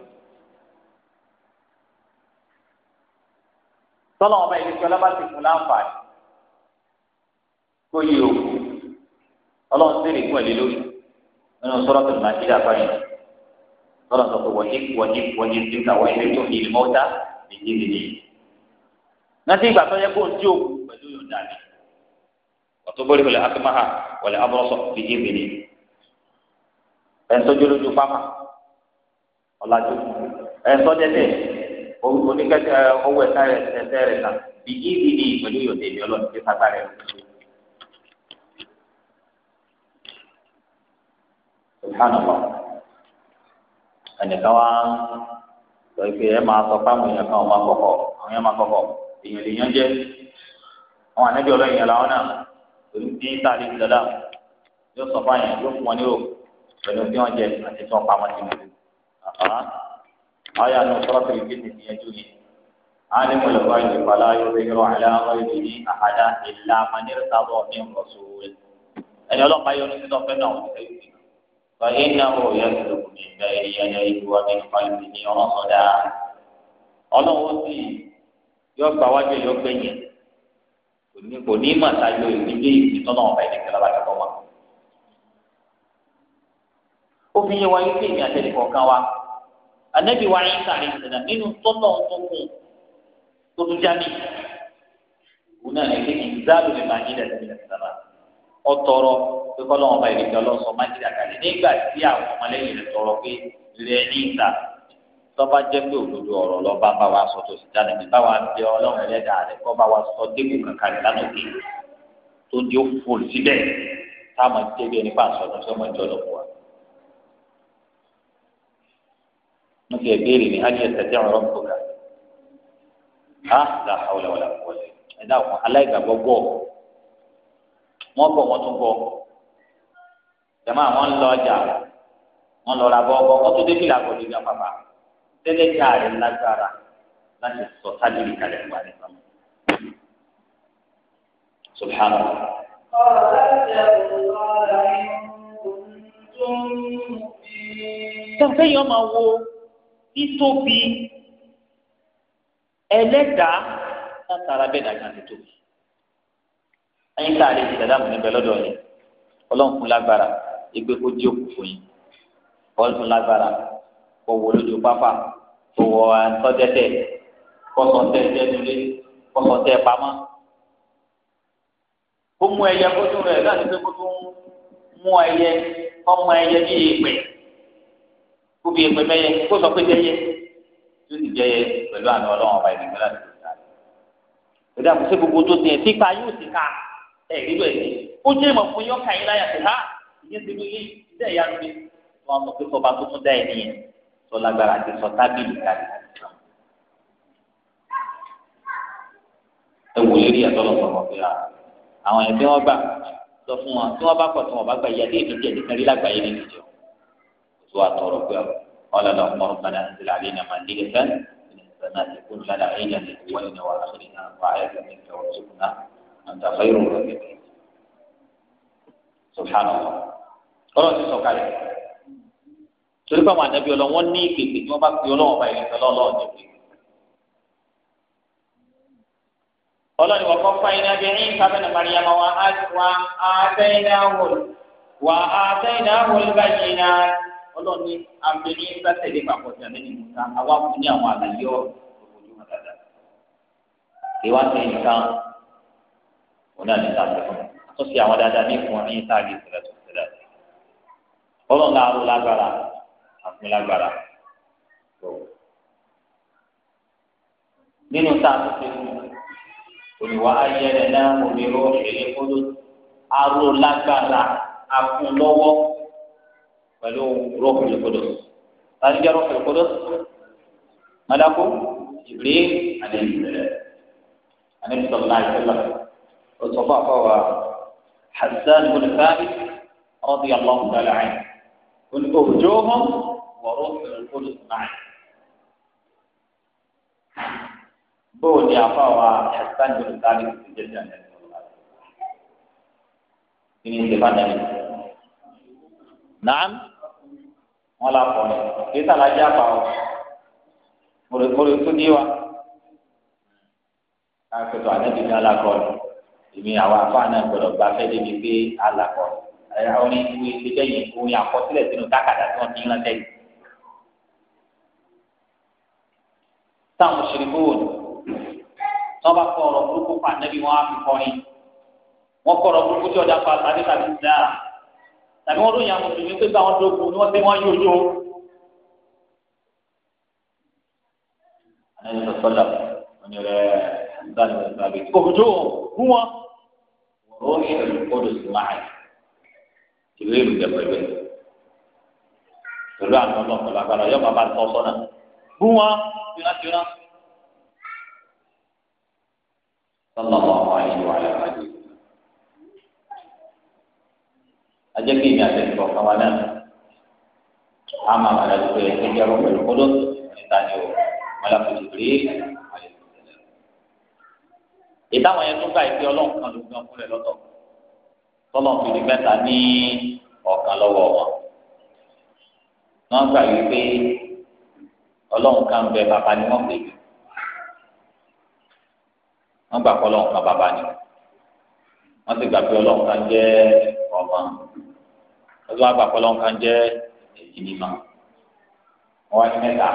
tọ́lọ̀ ọba ìlẹ́sìn ọlọ́ba ti fún láǹfààní kó yí o ọlọ́run sì rìn fún ẹ̀lẹ́ lórí nínú sọ́rọ́ tó máa ti dàgbà yẹn tọ́lọ̀ sọ pé wọ́n yí wọ́n yí wọ́n tó yí mọ́tà lè yí láti ìgbà tó yẹ kó ń tí òkú pẹ̀lú yọ̀ǹda mi ọ̀tún bọ́lí wọlé akímáhà wọlé abọ́rọ́sọ fi yé mi ni ẹ̀ńtọ́jú lójú fáma ọ̀làjú ẹ̀ńtọ́jẹ́tẹ̀ oníkẹ́kẹ́ ọwọ́ ẹ̀sẹ̀ rẹ̀ ẹ̀sẹ̀ rẹ̀ kà fi yé mi ni pẹ̀lú yọ̀ǹda mi ọlọ́run ti sábà rẹ̀ subhanallah ẹnìkan wá sọ pé ẹ máa sọ fáwọn èèyàn kan ọmọ akọkọ àwọn èèyàn èèyàn lèèyàn jẹ́ àwọn ànábì ọlọ́run yẹn làwọn náà pẹ̀lú bí sáàlì ìdọ́là yóò sọ fún àyàn yóò fún wọn ní o pẹ̀lú bí wọ́n jẹ àti tí wọ́n pamọ́ sí wọn. àyà nù sọ́rọ́ pẹ̀lú bí ní ìyẹnjú yìí عالم الغيب فلا يظهر على غيبه أحدا إلا من ارتضى من رسول أن يلقى يرسل فنه سيدي فإنه يسلك من بين يديه ومن قلبه رصدا ọlọ́wọ́ sí yọ gbà wájú yọ gbẹ̀yìn kò ní kò ní mà tá yọ ìwé dé ìwé tọ́nà ọ̀bà ìdíkẹ́ lọ́ba tó kọ́ wa. ó fi yẹ wáyé pé èmi àtẹnìkọ̀ kan wa ànábì wa yín sàrè sẹ̀dá nínú tọ́nà tó kù tó tún jáde òun náà lè ní ìzáàlù lè máa yín lẹ́sẹ̀ lẹ́sẹ̀ sábà ọtọrọ pé kọ́ ọba ìdíkẹ́ ọlọ́sọ májídà kalẹ̀ nígbà tí àwọn ọmọlẹ́yìn rẹ̀ tọrọ pé lẹ́yìn ìta tọ́ba jẹ́ pé òdodo ọ̀rọ̀ lọ́ba bá wa sọ tó sì jáde pé báwa bẹ ọlọ́run ẹlẹ́dàá rẹ̀ kọ́ bá wa sọ dégùn kankan rẹ̀ lánàá òkè tó di ó fò síbẹ̀ táwọn débi ẹni pa àṣọ lọ́sọ́ ọmọ ìjọ lọ́kọ̀ wa. wọ́n ti ẹ̀bẹ́rẹ̀ ní hajj ẹ̀sẹ̀tẹ̀ ọ̀rọ̀ ń kọ́ka á là hàwlẹ̀ wàlà wọlé ẹ̀dá ọ̀kan aláìgbàgbọ́ bọ̀ wọ́n bọ̀ wọ́n tún bọ̀ jàmáà wọ́n lọ ọjà wọ́n lọ ra bọ́ọ̀bọ́ wọ́n tún dé fìlà kọ̀ọ̀dé ní apapa tẹ́lẹ̀kà rẹ̀ lágbára láti sọ tábìlì kalẹ̀ fún àlẹ́ sọ́mọ́. سبحان الله tẹ̀sẹ̀ yọ máa wo títóbi ẹlẹ́dàá látara bẹ́ẹ̀ dàgbà ti tóbi ẹ̀yin tá a lè ti dàdá mi níbẹ̀ lọ́dọ̀ yẹn ọlọ́run fún lágbára ẹgbẹ́ kó jí òkú fún yín ọlọ́run fún lágbára kó wò lójú pápá kó wọ àtọ́jẹ́tẹ̀ kọ́sọ̀tẹ̀ jẹ́nulé kọ́sọ̀tẹ̀ pamọ́. ó mú ẹyẹ kótó rẹ̀ láti pé kótó mú ẹyẹ ọmọ ẹyẹ bí èèpẹ̀ kó bí èèpẹ̀ mẹ́yẹ kó sọ pé jẹ́yẹ tó sì jẹ́yẹ pẹ̀lú àná ọlọ́run ọba ìdílé láti pè sáré. ìdá kò sí gbogbo tó tiẹ̀ típa yóò sì ká ẹ̀rí rẹ̀ ni ó jẹ́ ìmọ̀ fún yọ́ọ̀kà yín láyà pé ha ìyẹn ti lóye ìdá ìyá mi wọn sọ pé sọba tó tún dá ẹ̀ nìyẹn tọ́lágbára ti sọ tábìlì kalẹ̀. ẹ wò lérí àtọ́lọ́sọ wọn fi ra àwọn ẹ̀ tí wọ́n gbà sọ fún wọn tí wọ́n bá pọ̀ tí wọ́n bá gbà yíyá tí èmi jẹ́ nìkan rí lágbàáyé ní ìjọ tó wà tọrọ pé ọlọ́dọ̀ ọmọrún padà sí làlẹ́ ní àmà ní ẹ̀fẹ́ ìsẹ̀nà ti kún ládàá ẹ̀yìn àti ìwọlé ní wàhálà náà wà á yẹ Subhanallah. Ọlọ́run ti sọ̀kalẹ̀ torí báwọn ànábì ọlọ́run wọ́n ní ìpèsè tí wọ́n bá pe ọlọ́run ọba ìrìnsẹ̀ lọ́lọ́run ní ìpèsè. ọlọ́run wọ́n kọ́ fáyín abẹ́ ní sábẹ́nà mariam wa àtẹ́yìnáwòl wa àtẹ́yìnáwòl báyìí náà ọlọ́run ní abẹ́ ní sátẹ̀lé papọ̀ sí abẹ́ ní musa àwa fún ní àwọn àlàyé ọ̀rọ̀ ojoojúmọ́ dáadáa. ìwà sẹ́yìn kan òun náà ní sáfẹ́ fún mi àtúnṣe àwọn dáadáa ní ìfún ọ̀rìn sáà ọlọ́run láàrú lágbára àfúnilágbára tó nínú tá a tún ti mú olùwà ayẹyẹ náà òmìnira òṣèlú kúló aró lágbára afúnlọ́wọ́ pẹ̀lú rọ́ọ̀kùnrin kúló tani jẹ́ rọ́ọ̀kùnrin kúló malako ìbírí àdéhùn rẹ̀ àdéhùn sọ̀rọ̀ náà ìṣẹ̀lẹ̀ o fún àfọwà hasan bin sábì rọ́ọ̀dì allah ta'ala ẹ̀ òjò hàn. وروح القدس معه بون يا فاوى حسان بن ثابت في جدة النبي صلى الله عليه وسلم إن استفاد نعم ولا قول كيف لا جاء فاوى مريد تديوى akpẹtọ anabi ní alakọọlù èmi àwọn afáàná gbọ́dọ̀ gba fẹdẹ mi pé alakọọlù ẹ àwọn ẹni wo ẹgbẹ́ yìí kò yàn akọsílẹ̀ sínú tákàdá tí wọn ti ń rántẹ yìí. táwọn mùsùlùmí wò ni wọn bá kọ ọ̀rọ̀ burúkú pa ànábì wọn á fi kọrin wọn kọ ọ̀rọ̀ burúkú tí ọjà pa àtàlẹ tàbí ìlà tàbí wọn lóyún àwọn mùsùlùmí pé báwọn dókun ni wọn tẹ wọn yóò yó. ànábì sọ sọlá wọn yẹrẹ ìdáni wọn sábẹ òjò fún wọn wọn yẹ olùkọdọ sí máa ìwé ìlú jẹ pẹ̀lú pẹ̀lú àwọn ọlọ́pàá lágbára yọọ bàbá tọ sọnà fún wọn tìrantìran. sọlọ bọ àwọn àyẹ̀wò àyẹ̀wò àyẹ̀wò. ajẹ́ kí èmi àtẹ̀sọ̀ kan wá náà a máa máa dájú pé ẹgbẹ́ jẹ́ ọ̀rọ̀ pẹ̀lú kọ́dọ̀ níta ni o mọ̀lákùnrin rí ìtàwọn yẹn tó gbà ìpè ọlọ́run kan ló gbọ́n fúnlẹ̀ lọ́tọ̀ tọ́lọ̀ fi di mẹ́ta ní ọ̀kan lọ́wọ́ wọn wọ́n gbà wípé ọlọ́run kan bẹ bàbá ni wọ́n pè é wọ́n gbà pé ọlọ́run kan bàbá ni wọ́n sì gbà pé ọlọ́run kan jẹ́ ọmọ wọ́n sì wá gbà pé ọlọ́run kan jẹ́ èyí mímọ́ wọ́n wá ní mẹ́ta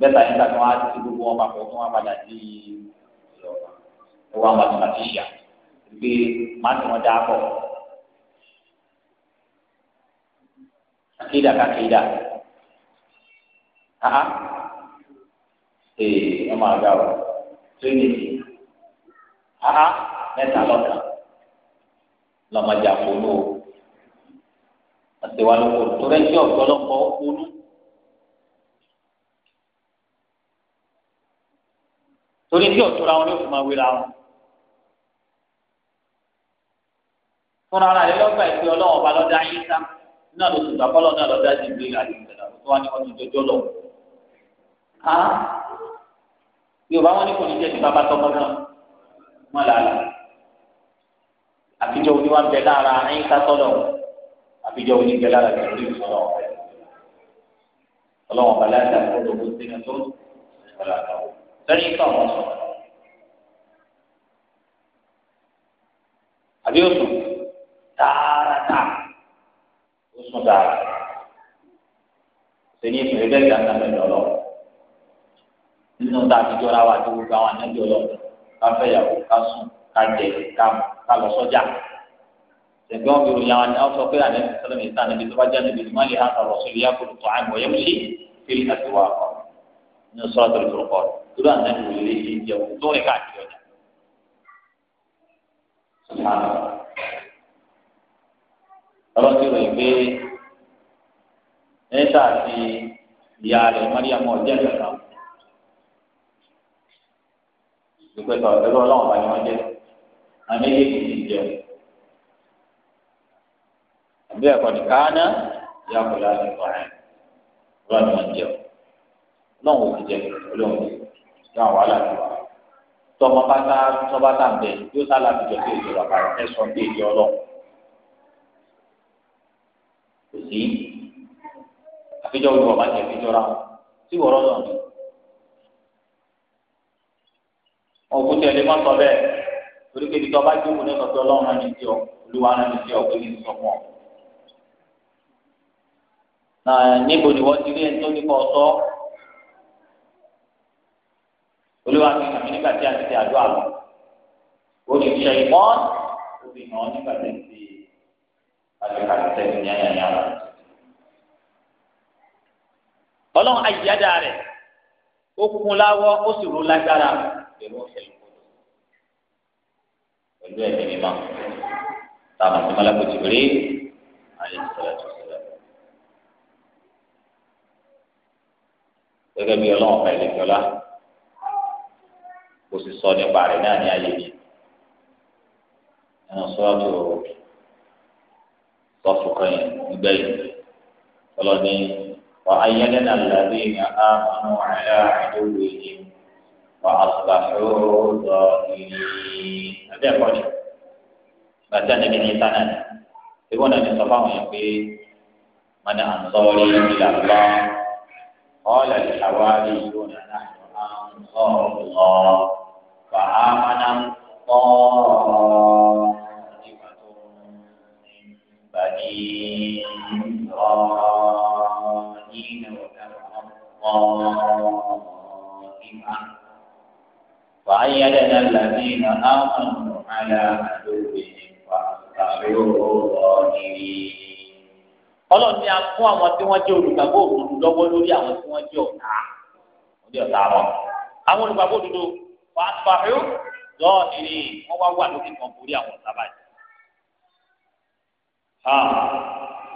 mẹ́ta yẹn tàbí wọ́n á ti gbogbo wọn papọ̀ tí wọ́n padà sí ìjọba wọn àti ṣíà gbé màtí wọn dá pọ̀ akéda kakéda aha ee ẹ máa ga o trinity aha mẹ́ta lọ́kàn lọ́mọdé àfonú o àtiwá lóko torí ẹjọ́ ọ̀pọ̀lọpọ̀ torí tí ọ̀túnra wọn ló fi máa wéra wọn. fúnra ara rẹ lọ́gbà ìpè ọlọ́wọ́n ọba lọ́dá yín sá náà ló sì gbà kọ́lọ́ náà lọ́dá sí ìgbéga àti ìgbéga tó wá ní wọ́n ti jọjọ́ lọ́wọ́ ha yorùbá wọn ni kò ní jẹ́ ti bàbá tọmọ náà wọn là á lọ àbíjọ oníwà bẹ lára ẹyin ká sọlọ àbíjọ oníbẹ lára kẹrù ní ìsọlọ ọlọ́run ọba láti àkókò tó sínú tó ìsọlọ àtàwọn lẹ́yìn tó àwọn sọ àbí oṣù tààràtà oṣù tààrà sẹ́yìn ìfẹ́ bẹ́ẹ̀ kí a nà mẹjọ lọ nínú tá a fi jọra wa tó gbogbo àwọn anájọ lọ ká fẹyàwó ká sùn ká jẹ ká mu ká lọ sọ́jà ṣẹgbẹ́ wọn fi ròyìn àwọn àwọn sọ pé àlẹ́ sọ́dọ̀ mi sàn níbi tó bá jáde níbi má lè hàn sọ̀rọ̀ sí ìyá kò tó àìmọ̀ yẹn ṣe fílì àti wà kọ́ nínú sọ́dọ̀ tó lè tó kọ́ tó bá ànájọ wò lè ṣe jẹun tó rìn káàkiri ọjà. ọlọ́sí ròyìn pé ẹ̀ṣà àti ìyá rẹ̀ mọ́ríyàmọ́ ìpẹtọ ẹgbẹ Ọlọ́run bá ní wọn jẹ àmì èyí ti jẹ àbí ẹ̀kọ́ ní káánà yà kó láti kọ ẹ Ọlọ́run ni wọn jẹ Ọlọ́run ò ti jẹ Ọlọ́run yà wà láti wà tọmọ bàtà tọba tà bẹ yóò sá láti jọ sí ìjọba bàtà ẹsọ bí ìjọ Ọlọ́run kò sí àfijọ́ wíwọ̀ bá jẹ àfijọ́ ra tí wọ́n rọ́ lọ́nà. ọ̀gbọ́n tẹ̀ lé mọ́tò bẹ́ẹ̀ torí pé ibi tó bá jókòó ní ọ̀sọ̀ ọlọ́run náà ní ti ọ olúwa náà ní ti ọ pé kí n sọ fún ọ. níbo ni wọ́n ti rí ẹni tó ní kọ́ sọ olúwa ti hàn mí nígbà tí a ti ti àdúrà lọ o lè ṣe ìmọ̀ òbí hàn nígbà tí a ti àdúrà tẹ̀lé ní ayẹyẹ rẹ. ọlọ́run ayíyá dáa rẹ̀ ó kún láwọ́ ó sì rú lágbára بروح القدس pẹ̀lú ẹ̀mí mímọ́ táwọn àti mọ́lákò jìbìrì àyẹ̀sọ̀rọ̀ tó sílẹ̀. gẹ́gẹ́ bí ọlọ́run ọ̀pá ìlẹ́kọ̀ọ́lá kò sì sọ nípa rẹ̀ náà ní ayé yìí nínú sọ́ọ́ tó sọ́ọ̀fù kan yẹn nígbẹ́ yìí ọlọ́ni wà á yẹ́lẹ́ lábẹ́ ìyá á mú àyà yìí. وأصبحوا ظاهرين أبي أقول بس أنا من إنسان يقول أن الصفا يقول من أنصاري إلى الله قال الحواريون نحن أنصار الله فآمن طائفة من بني إسرائيل وكفر طائفة وعيدنا الذين آمنوا على عدوهم فأصبحوا ظاهرين ọlọ́run ni a fún àwọn tí wọ́n jẹ́ olùgbàgbọ́ òdodo lọ́wọ́ lórí àwọn tí wọ́n jẹ́ ọ̀tá lórí ọ̀tá wọn. àwọn olùgbàgbọ́ òdodo wà á fàáyó lọ́ọ̀ nìyí wọ́n wá wà lókè kan borí àwọn ọ̀tá báyìí.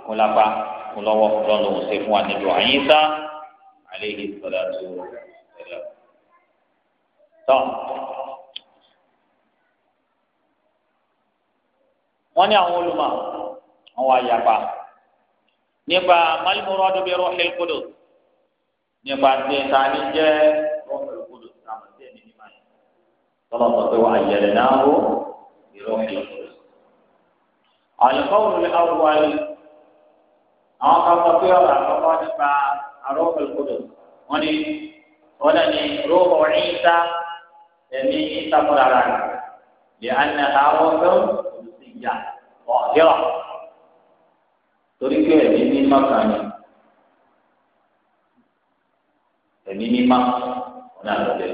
kò lápá kò lọ́wọ́ kò lọ́wọ́ ṣe fún wa nílò àyínsá àléhìí sọ̀dọ̀ tó tọ́ wọ́n ní àwọn olùmọ̀ àwọn àyàpá nípa malimuro adobi ruhil qudus nípa tẹ̀sán ní jẹ́ ruhil qudus àmọ́ tẹ̀ ní nímọ̀ yẹn tọ́lọ́ sọ pé wọ́n àyẹ̀rẹ̀ náà ó ruhil qudus. القول الأول àwọn kan sọ pé ọ̀rọ̀ àkọ́kọ́ nípa àrùn ìkúdù wọn ni wọn ni rúbọ̀ ìta ẹ̀mí ìtàkùnlára rẹ̀ lè ànà àwọn fẹ́ràn olùsí ìyá ọ̀dẹ́rọ̀ torí pé ẹ̀mí mímọ́ kan ni ẹ̀mí mímọ́ ọ̀nà àlọ́dẹ.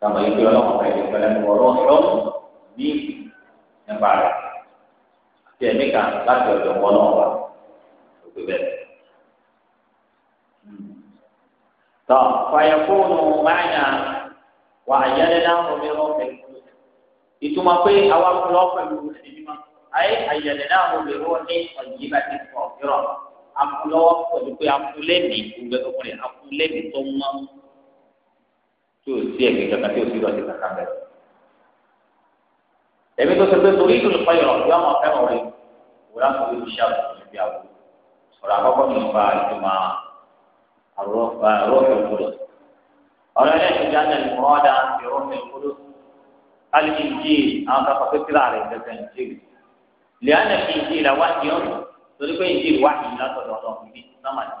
Kàmá yìí pé ọlọ́run kan yìí pẹ̀lẹ́ ọ̀rọ̀ ọ̀rọ̀ ní nípa rẹ̀ àti ẹ̀mí kan láti ọ̀dọ̀ wọn náà wà lókè bẹ́ẹ̀. tọ fàyẹkùnù máyà wà àyẹlẹ náà omi rọpẹ ìtumọ̀ pé àwa kúlọ pẹ̀lú ẹni mímọ́ ayé àyẹlẹ náà omi rọpẹ ọyìn bá ti pọ yọrọ akulọwọ pẹ̀lú pé akulẹni gbogbo ọkùnrin akulẹni tó mọ́ tí o sí ẹgbẹ́ kankan tí o sí lọsí kankan bẹ ẹbí tó ṣe pé torí ìdùnnú pẹ̀lú ọjọ́ àwọn ọ̀fẹ́ wọn rí wúrà tó fi ṣàbùkù níbi àwọn ọ̀rọ̀ nínú bá ìtumọ̀. روح القدس ọ̀rọ̀ yẹn ti dáná ní mọ́ọ́dá ti rọ́ ní ìkúrò alìkí ìjì àwọn kápá pé kíláà rẹ̀ gẹ́gẹ́ ní ìjì lẹ́yìn kí ìjì rẹ̀ wá sí ọ̀rọ̀ torí pé ìjì wá sí látọ̀dọ̀ ọ̀rọ̀ níbi sámà ní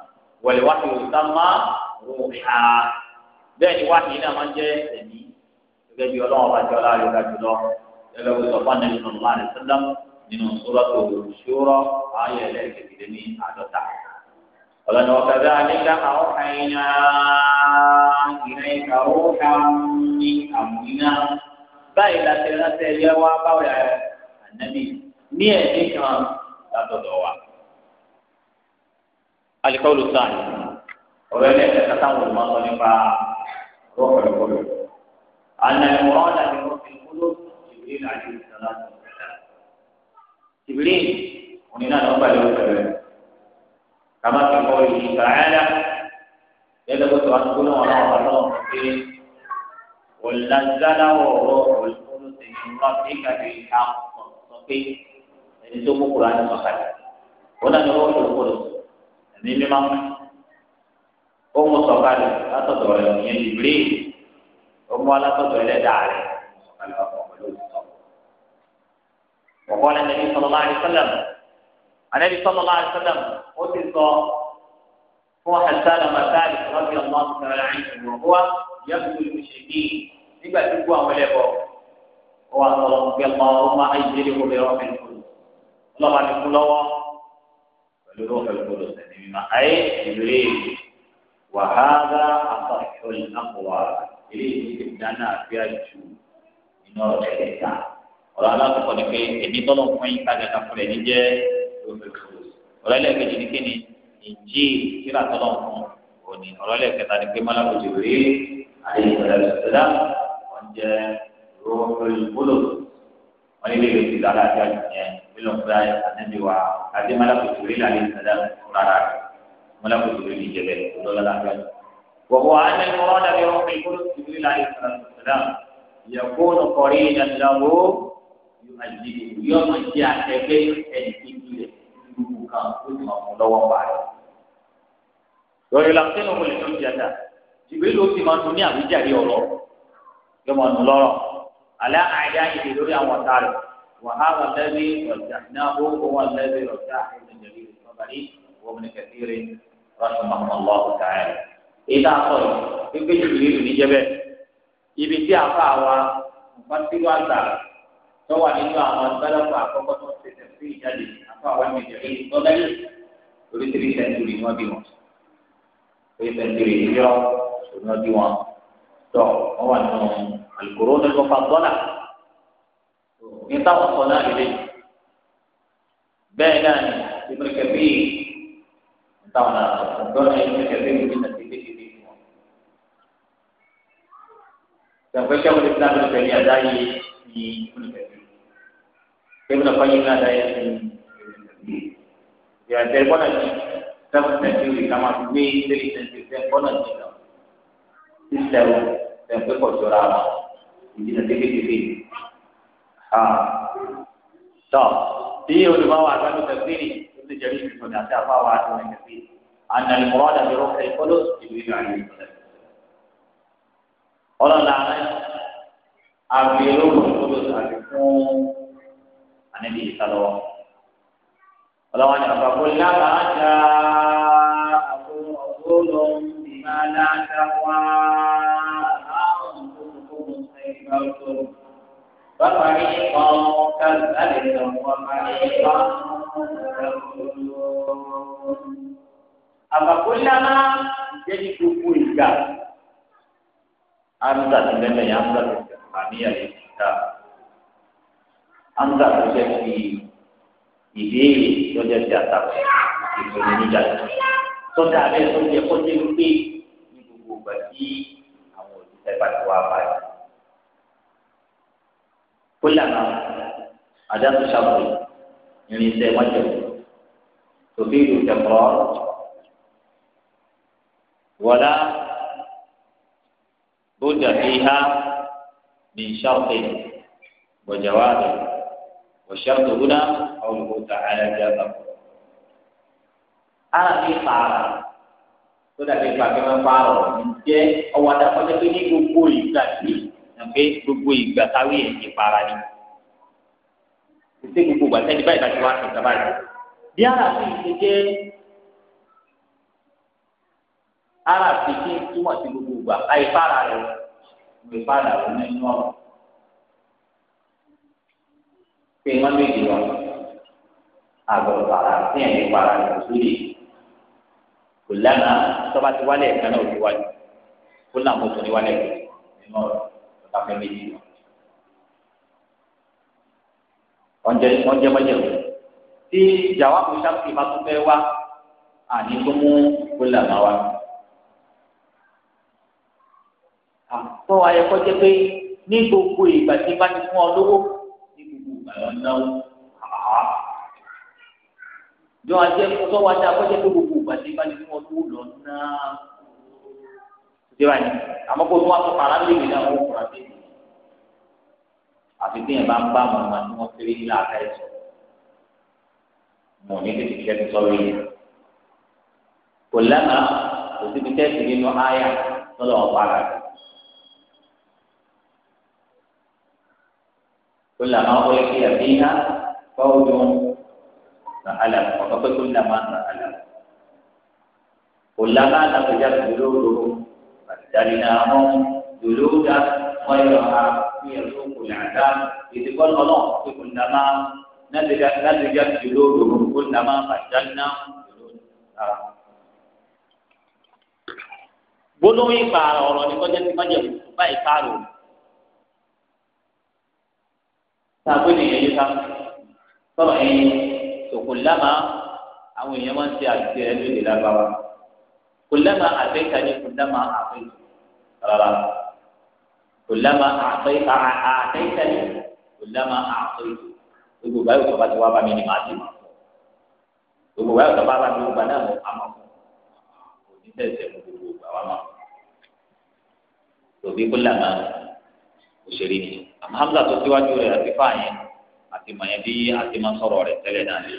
wọ̀lẹ̀ wá sí òsánmá rúbíà bẹ́ẹ̀ ni wá sí náà máa ń jẹ́ ẹ̀mí gẹ́gẹ́ bí ọlọ́wọ́n bá jọ láàrin ọ̀gá jùlọ gẹ́gẹ́ bí sọ̀fà nẹ́bí sọ̀rọ̀ láàrin sọ́dọ̀ nínú sọ́dọ̀ tó ṣúrọ̀ ayẹ̀lẹ́ kẹ̀kẹ́ ní àdọ́ta. ولن وكذلك أوحينا إليك روحا من أمرنا بإلى سيرة اليوم قول النبي مئة ذكرى لا تدعوا القول الثاني وذلك تتعود ما صنف روح القلوب أن المراد بروح القلوب جبريل عليه الصلاة والسلام جبريل ونحن نقبل وكذلك كما في قوله تعالى يدبت رسول الله الله قل نزله روح القدس من ربك بالحق صفي يعني سوق قرآن صحيح هنا روح القدس يعني بما ó mú لا látọ̀dọ̀ rẹ̀ ìyẹn ìbílẹ̀ ó mú alátọ̀dọ̀ ẹlẹ́dàá rẹ̀ sọ̀kalẹ̀ wà pọ̀ pẹ̀lú òtítọ́. ọ̀pọ̀ anabi sọlọlá àdìsọlọm ó ti sọ fún hasana masari rọbì ọmọ ọmọdé ìwọ wa yẹbu ìmùsèké nígbà tí kú àwọn ẹlẹbọ ó wà sọlọ nígbà mọ ọmọ ayélujára kó bẹ rọbì ìkọlù ọlọmọ àdìkú lọ́wọ́ pẹ̀lú rọbì ìkọlù sẹni mímá ayé ìrírí wàhálà àfàkìọ ìnáwó ilé ìdíje dáná àti àjù iná ọ̀rẹ́ ẹ̀ka ọ̀rọ̀ alákọ̀ọ́kọ́ ni pé èmi tọ́lọ̀ fún yín ká ọ̀rọ̀ ẹlẹ́ẹ̀kejì ní kíni ìjì kíra tọ́lọ̀ fún òní ọ̀rọ̀ ẹlẹ́ẹ̀kẹta ní pé mọ́lákò jù rí àyè ìṣẹ̀lẹ̀ ìṣẹ̀dá wọ́n jẹ́ rọ́ọ̀lù wọ́n ní léèrè ti dára àti àjùmíyẹ nínú ọ̀gá ànábi wa àti mọ́lákò jù rí àyè ìṣẹ̀dá rárá mọ́lákò jù rí ìjẹ̀lẹ̀ ọ̀lọ́lá وهو أن المراد بروح القدس جبريل عليه الصلاة والسلام يكون قرينا له يؤدبه يوم الجاحظ الكبير kan ó sì máa fún lọ́wọ́ pa rẹ̀. lọ́yọ̀ la sínú mo lè tó di ẹ̀dá ìwé ló ti máa dún ní àwíjàre ọ̀rọ̀ yóò máa dún lọ́rọ̀ alẹ́ àyà ìdè lórí àwọn ọ̀tá rẹ̀ wàhálà lẹ́bí ọ̀jà náà ó kó lẹ́bí ọ̀jà ìdèjì ìfọ̀bàrí gómìnà kẹfìrì rahimahullahu ta'ala. ìdá sọ̀rọ̀ nínú àwọn sálọ́pù àkọ́kọ́ tó ti tẹ̀ sí ìjáde yìí fún àwọn ènìyàn yìí lọ́dọ̀ yìí lórí tìrí sẹ́ńtúrì ni wọ́n bí wọn tìrí sẹ́ńtúrì yìí yọ ni wọ́n bí wọn tó wọ́n wà nù alukoro ní kópa gbọ́dà ní táwọn sọ náà lè bẹ́ẹ̀ náà ní ìmọ̀lẹ́kẹ́ bíi táwọn náà sọ gbọ́dà ìmọ̀lẹ́kẹ́ bíi ìmọ̀lẹ́kẹ́ bíi Sampai Syekh Islam Ibn Taimiyah dai di Ibn Taimiyah. Ibn Qayyim dai di ìrìnàjò gbọ́dọ̀ jì seven century ká máa fi gbé three century ten gbọ́dọ̀ jì lọ six seven ten pé kò jọra wọn ìdílé tẹkẹtẹkẹ ha tọ bí olùmọ̀wá àgbàdo tẹ̀síìrì ó ti jẹ́rìí ìfìfọ̀dà àti àfáwà àti ọ̀rẹ́ tẹ̀síìrì ànàlùmọ́ àdàbẹ̀rọ̀ ẹ̀kọ́lọ́ ìlú àyè ìfọ̀dà àbí olóògùn tó lọ fún ànábì ìsàlọ́wọ́ ọlọ́wọ́n ní ọ̀gá kó lábà á já àwọn ọ̀gbọ́nọ̀ ìmọ̀ aláǹdáwá àwọn olùkóhùn ẹ̀yìnbá tó. bàbá mi ní kan káàdì láti lọ wọn bá yẹ bá àbàkóyáná jẹ́ni gbogbo ìgbà amúdà ti mẹ́mẹ́ yẹn amúdà ti tẹ̀ fàmíyà yẹn ti ta amúdà tó jẹ́ fi ìbéèrè lọ́jọ́ ti àtàkùn ìpinnu níjà sọ́dà abẹ́ tó yẹ kó dé wípé ní gbogbo ìgbà tí àwọn òṣìṣẹ́ bá ti wá báyìí. kó lànà àdánù ṣàbùrù irinṣẹ́ wájú tòbí ìlú kẹfọ́ wọlá bójà fíhá min ṣàkóso gbọ̀jọ̀wá rẹ̀ wọ̀ṣẹ́ tó húná. قوله تعالى جاء àmì pààrọ̀ tó dàbí pàkẹ́ máa pààrọ̀ ǹjẹ́ ọwọ́ àdàkọ́jọ́ pé ní gbogbo ìgbà tí pé gbogbo ìgbà táwé ẹ̀ ti para ni ìṣe gbogbo ìgbà tẹ́lẹ̀ báyìí láti wá sí ìjọba rẹ̀ bí aráàfin ṣe jẹ́ aráàfin ṣe túmọ̀ sí gbogbo ìgbà àìpara rẹ̀ ìwé para rẹ̀ nínú ọ̀rọ̀ pé wọ́n lè dìbò àgbọ̀dọ̀ bàrà tí ẹ̀ ní bàrà ní òṣùlì kò lánàá tọ́ba ti wálé ẹ̀ka náà ti wájú kó náà mo tún ní wálé ẹ̀ka nínú ọ̀rọ̀ ọ̀tá fẹ́ méjì lọ. ọ̀njẹ́ ọ̀njẹ́ mọ́jẹ́ o tí jàwá kò sáfì má tún fẹ́ wá àní tó mú kó lánàá wá. àtọ́ ayẹkọ́ jẹ́ pé ní gbogbo ìgbà tí bá ti fún ọ lówó ní gbogbo ìgbà lọ náwó jọ ajẹ kọsọ wa dá kọjá tó gbogbo gbàdé bá ní kí wọn tó lọ náà síra ni àmọ́ kó tó wà tó kàrá lè mi náà wọn kura dé àfi tí yẹn bá ń bá màmá tí wọn kéré ní àká ẹ sọ mọ ní tètè kẹtù sọ lóye kò lánàá kò síbi tẹsí nínú àyà lọ́dọ̀ ọba rẹ kò lánàá wọlé kí ẹ bí báwo ni wọn sàhálà ọ̀tọ̀ pé kó lámà sàhálà kò lámà làkọjá gbòlóòrò àtìdáríná àwọn gbòlóòdà wáyọ̀ ha ní ẹ̀rọ kò làdá ìdíkọ́ lọ́nà pé kò lámà làkọjá gbòlóòrò kò lámà àtìdáríná gbòlóòdà. gbólóhùn ìpààrọ̀ ọ̀rọ̀ ni kọjá ti májẹ̀ kó bá ìpààrọ̀ tàbí nìyẹn yóò ká sọ̀rọ̀ ẹ̀yìn tòkùnlámà àwọn èèyàn máa ń ṣe àti ẹ lóde lábáwá kùnlámà àfẹ́ka ní kùnlámà àfẹ́ka rárá kùnlámà àfẹ́ka àfẹ́ka ní kùnlámà àfẹ́ka gbogbo báyìí tó bá ti wá bá mi ni màá ti mọ̀ gbogbo báyìí tó bá bá mi ó gbà náà mọ̀ àmọ́ kò ní tẹ̀sẹ̀ mú gbogbo ìgbà wá mọ̀ tòbí kùnlámà òṣèré ni àmọ́ hamza tó síwájú rẹ̀ àti fáà àti mọ̀yẹ́ bí a ti máa sọ̀rọ̀ rẹ̀ tẹ́lẹ̀ náà ni.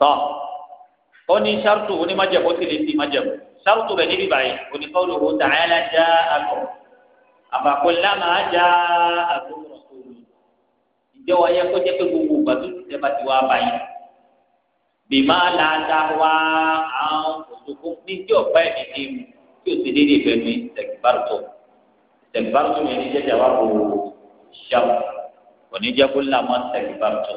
tọ́ ó ní sárùtù onímájẹ̀mú ó sì lè ti májẹ̀mú sárùtù rẹ̀ níbi báyìí oníkọ́lù ó tà áyá lájà àgọ́ àbàkù lámà ájà àgọ́ rọ̀sọ̀rọ̀ ìjọ wa yẹ kó jẹ́ pé gbogbo ìgbà tó ti tẹ́ba ti wá báyìí bìmá làdá wa àwọn òṣòfò ní tí ọ̀pá ẹ̀ nìyí mu o ti dédé fẹ́ mi tẹ̀gbárùtò tẹ̀gbárùtò yẹn ti jẹ́ jàwá gbogbo ṣàwù oníjẹ́ kó lamọ́ tẹ̀lé bá tó.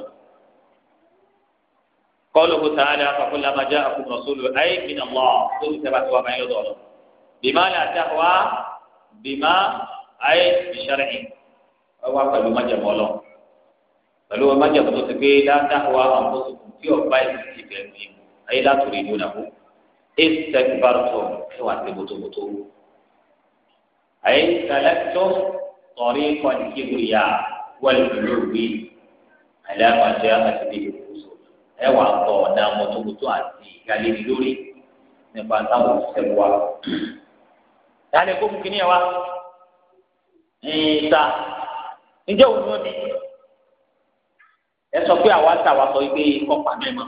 kọ́lùkù tààdà àpapọ̀ lamọ́jà àkùnrin sólù ayé min Allah tó ti tẹ́bà tó wà báyìí lọ́dọ̀ ọ̀rọ̀. bìmá là dá wa bìmá ayé ìṣẹ́rẹ̀yìn ẹ wá pẹ̀lú májẹ̀mọ́ lọ. pẹ̀lú májẹ̀mọ́ tó ti gbé dáadáa wa àwọn tó ti ọ̀bá ìsìnkú ìbẹ̀rù yìí ayé látòrí ìlú nàbó ìsẹ̀kùbárùtọ̀ ẹ̀wà tẹ̀bọ̀tọ̀bọ̀tọ̀ ayé ìsẹ̀lẹ̀tọ̀ طريق الكبرياء والعلو على ما جاءت به الرسل ẹwà tọ ọ̀nà mọ̀tòmọ̀tò àti ìgbàlejò lórí nípa táwọn òṣìṣẹ́ wa. Dáni kó mú kíní ẹ̀ wá. Ìta ǹjẹ́ òun ló ní? Ẹ sọ pé àwa ta wa sọ pé kọ́pà mẹ́mọ́.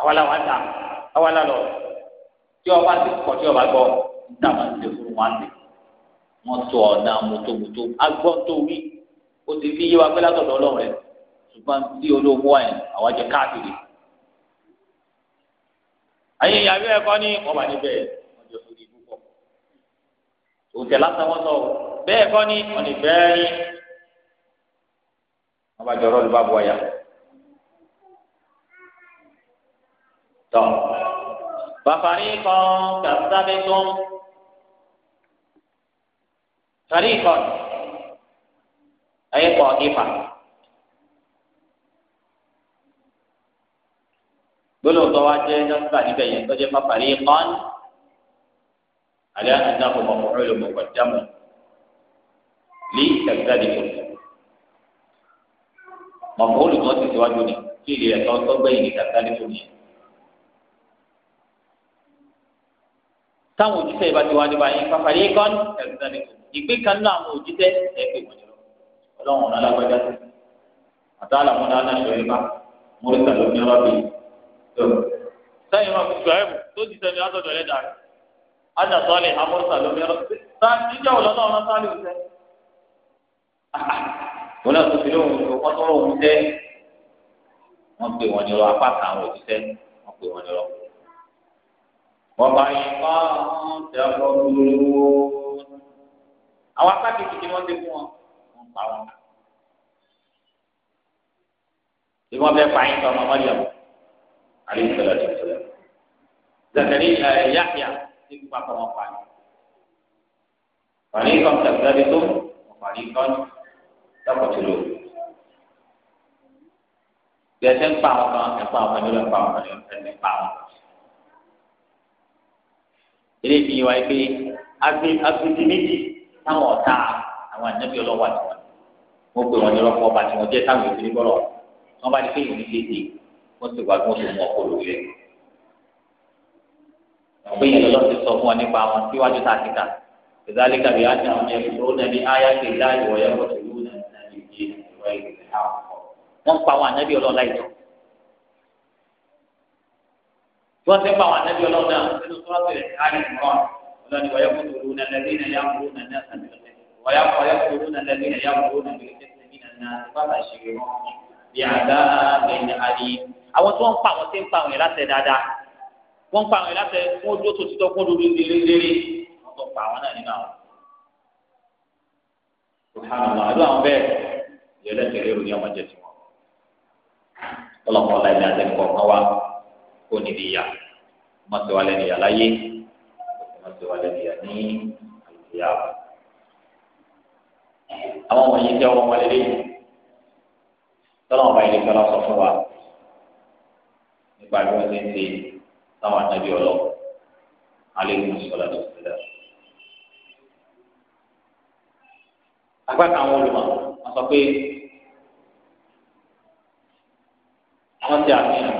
Àwa la wa ta, àwa la lọ. Tí ọba ti kọ̀ tí ọba gbọ́, níta máa ń fún wa ń ṣe wọn tó ọ̀nà mọ́tòmọ́tò agbọ́tò wí ó ti fi yé wa pé látọ̀dọ̀ ọlọ́run rẹ ṣùgbọ́n tí olówó wa yẹn àwọn jẹ káàkiri. ayé ìyàwó ẹ̀kọ́ ní ọba níbẹ̀ wọ́n jẹ sórí púpọ̀ òtẹ̀ lásán wọn sọ bẹ́ẹ̀ kọ́ ní ọ̀nì bẹ́ẹ̀ ni wọ́n bá jọ ọ̀rọ̀ olùbá bu ọ̀yà. tọ́ bàfàrí kan kàtàkì tó ń. طريقا أي طائفة gbolo tọwajẹ nọfà níbẹ̀ yẹn tọjẹ fapari kọn alẹ anahu mọmọlò mọkọdamu li tẹgbẹri kò mọmọlò tó ti tiwájú ni lílì ẹtọ tọgbẹ̀yìn ni tẹgbẹri kò ni táwọn òjíṣẹ́ ìbá ti wá nípa yẹn fapari kọn tẹgbẹri kò ìgbé kan náà àwọn òjíṣẹ́ ẹgbẹ́ wọn jọ ọlọ́run ọ̀nà alágbádá àti àlàmúdá náà ṣọlẹ́ bá mọ́lẹ́sà ló ní ọlọ́ bí tó sẹ́yìn wọn kò sọ ẹ̀bù tó ti sẹ́ni látọ̀dọ̀ ẹ̀ dàrú ájà sọ́ọ̀lẹ̀ amọ́lẹ́sà ló ní ọlọ́ bí tá níjẹ́ ọ̀lọ́lọ́ ọ̀nà sáré òṣẹ́ wọn náà tó fi lóhùn wọn tó lóhùn jẹ́ wọn pè wọn ní àwọn apákejì ni wọ́n ti fún wọn wọ́n pa wọn. tí wọ́n bẹ fàáyín tó ọmọ mọ́lẹ́m alẹ́ ìṣẹ̀lẹ̀ tó ṣẹlẹ̀. zakari ẹ̀ yáfíà ti fún apá wọn pa ni. fàáyín kan tẹ̀síwájú tó fàáyín kan tẹ̀kọ̀tì lò. bí ẹ ṣe ń pa àwọn kan ẹ̀ pa àwọn kan ní ọ̀rẹ́ pa àwọn kan ní ọ̀rẹ́ ẹ̀ pa àwọn kan. ilé ìfihàn wáyé pé agbèdì méjì táwọn ọ̀tá àwọn ànábì ọlọ́wọ́ àti wọn wọ́n pè wọ́n ní ọlọ́pàá ọba tí wọ́n jẹ́ táwọn èdè nígbọ́rọ̀ wọ́n bá ní pé ìwé léde wọ́n sì wá gbọ́n mú ọkọ lórí rẹ̀. ọ̀pẹ́ yìí lọ́lọ́ ti sọ fún wa nípa àwọn síwájú tá a ti kà ìdálé kàbí àti àwọn ẹ̀mí tó nàbí áyá ti dá ìwọ̀ yẹn wọ́n ti lù nàbí ìwọ̀ ìgbẹ́ wọ́n pa àwọn ànábì ọlọ́ọ̀ láìtọ́. tí wọ́n ti pa àwọn ànábì ọlọ́ọ̀ náà nínú sọ́ọ́ lọ́ni wọ́n yẹ́kùn tó lóun ẹlẹ́dín náà yàgò lóun náà náà sàbí lọ́sẹ̀ wọ́n yàgò wọ́n yẹ́kùn tó lóun ẹlẹ́dín náà yàgò lóun náà bìrì tẹ́sí mí náà náà bàbá ìṣèlú wọn bí àdá bẹ́ẹ̀ ni àwọn tí wọ́n ń pa àwọn tí ń pa àwọn yẹn láṣẹ dáadáa wọ́n ń pa àwọn yẹn láṣẹ wọ́n dúró tó ti tọ́ lórí lérelére wọ́n tó pa àwọn náà nínú àwọn ní ìyá àwọn wọ̀nyí jẹ́ ọmọ wọn lélẹ́yìn tọ́lá wọn bá ilé kọ́lá sọ fún wa nípa bí wọ́n ti ń ṣe táwọn anábì ọlọ́ alẹ́kùn sọlá tó ti dá. apá kan àwọn olùmọ̀ wọ́n sọ pé wọ́n ti àfihàn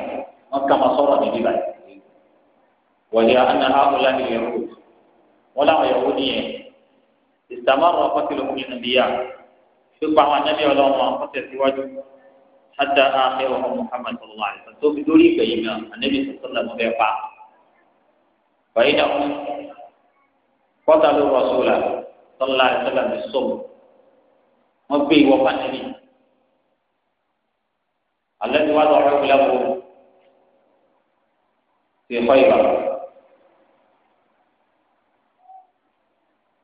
wọ́n kà máa sọ̀rọ̀ níbí báyìí wọ́n yẹ anáhà ọ̀la ìlẹ̀ rúùtù wọn làwọn yòówù nìyẹn ìsàmọ́rù ọkọ̀tìlẹ̀ omi nù bíyà pípa àwọn anábì ọlọ́run àwọn tẹ̀síwájú hàtà àmì ọ̀hún Muhammad sallallahu alaihi wasallam tó fi dórí ìgbẹ̀yìn náà anábì sallallahu mọ́ bẹ́ẹ̀ pa. bàyìí náà kọ́tà ló rọ̀ sóòlà sallallahu alaihi wasallam ti sọ̀rọ̀ wọ́n gbé ìwọ́ pàtẹ́lì. alẹ́ ti wá lọ́ọ́ rẹ́ kúlẹ̀ wọ́n ti ẹ̀kọ́ ìbàdàn.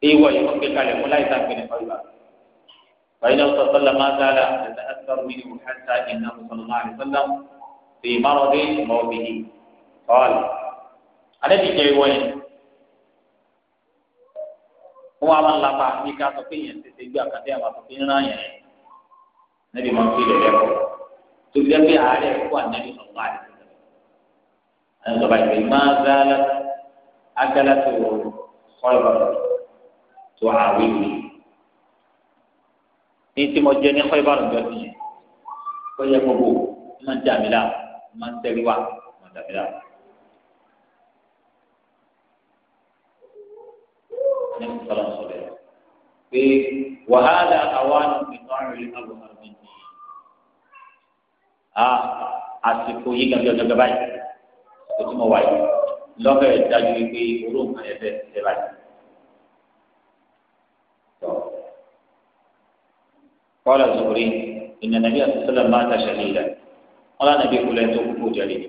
ايوه يوفق على ملائكه من قلبه فإنه صلى الله ما زال يتأثر منه حتى إنه صلى الله عليه وسلم في مرض موته قال أنا بيجي وين wọ́n á máa ń lapa ní ká sọ pé yẹn tètè gbé àkàtẹ́ àwọn àtọ́fẹ́ ńlá yẹn níbi máa ń fi lẹ̀lẹ́ kọ́ tó fi dẹ́gbẹ́ àárẹ̀ kó ànábi sọ̀rọ̀ wá àdìsí lọ. àwọn ìjọba ìgbẹ́ máa ń gbá agbálá tó kọ́ ìbàdàn. tó àwé wí. ní tí mo jẹ ní ẹ̀kọ́ ìbàdàn jọ ti yẹn kó yẹ gbogbo máa ń dàmí láàmú máa ń tẹ́rí wá máa ń dàmí láàmú. Nabi Sallallahu Alaihi Wasallam pé wàhálà àwọn ìtọ́ àrùn àbò àrùn ni a àsìkò yìí gàdí ọjọ́ gàbáyé tó tún mọ̀ wáyé lọ́fẹ̀ẹ́ dájú wípé oró nǹkan ẹ̀ bẹ́ẹ̀ báyìí. قال الزهري إن النبي صلى الله عليه وسلم مات شهيدا قال النبي كل يتوقف جليل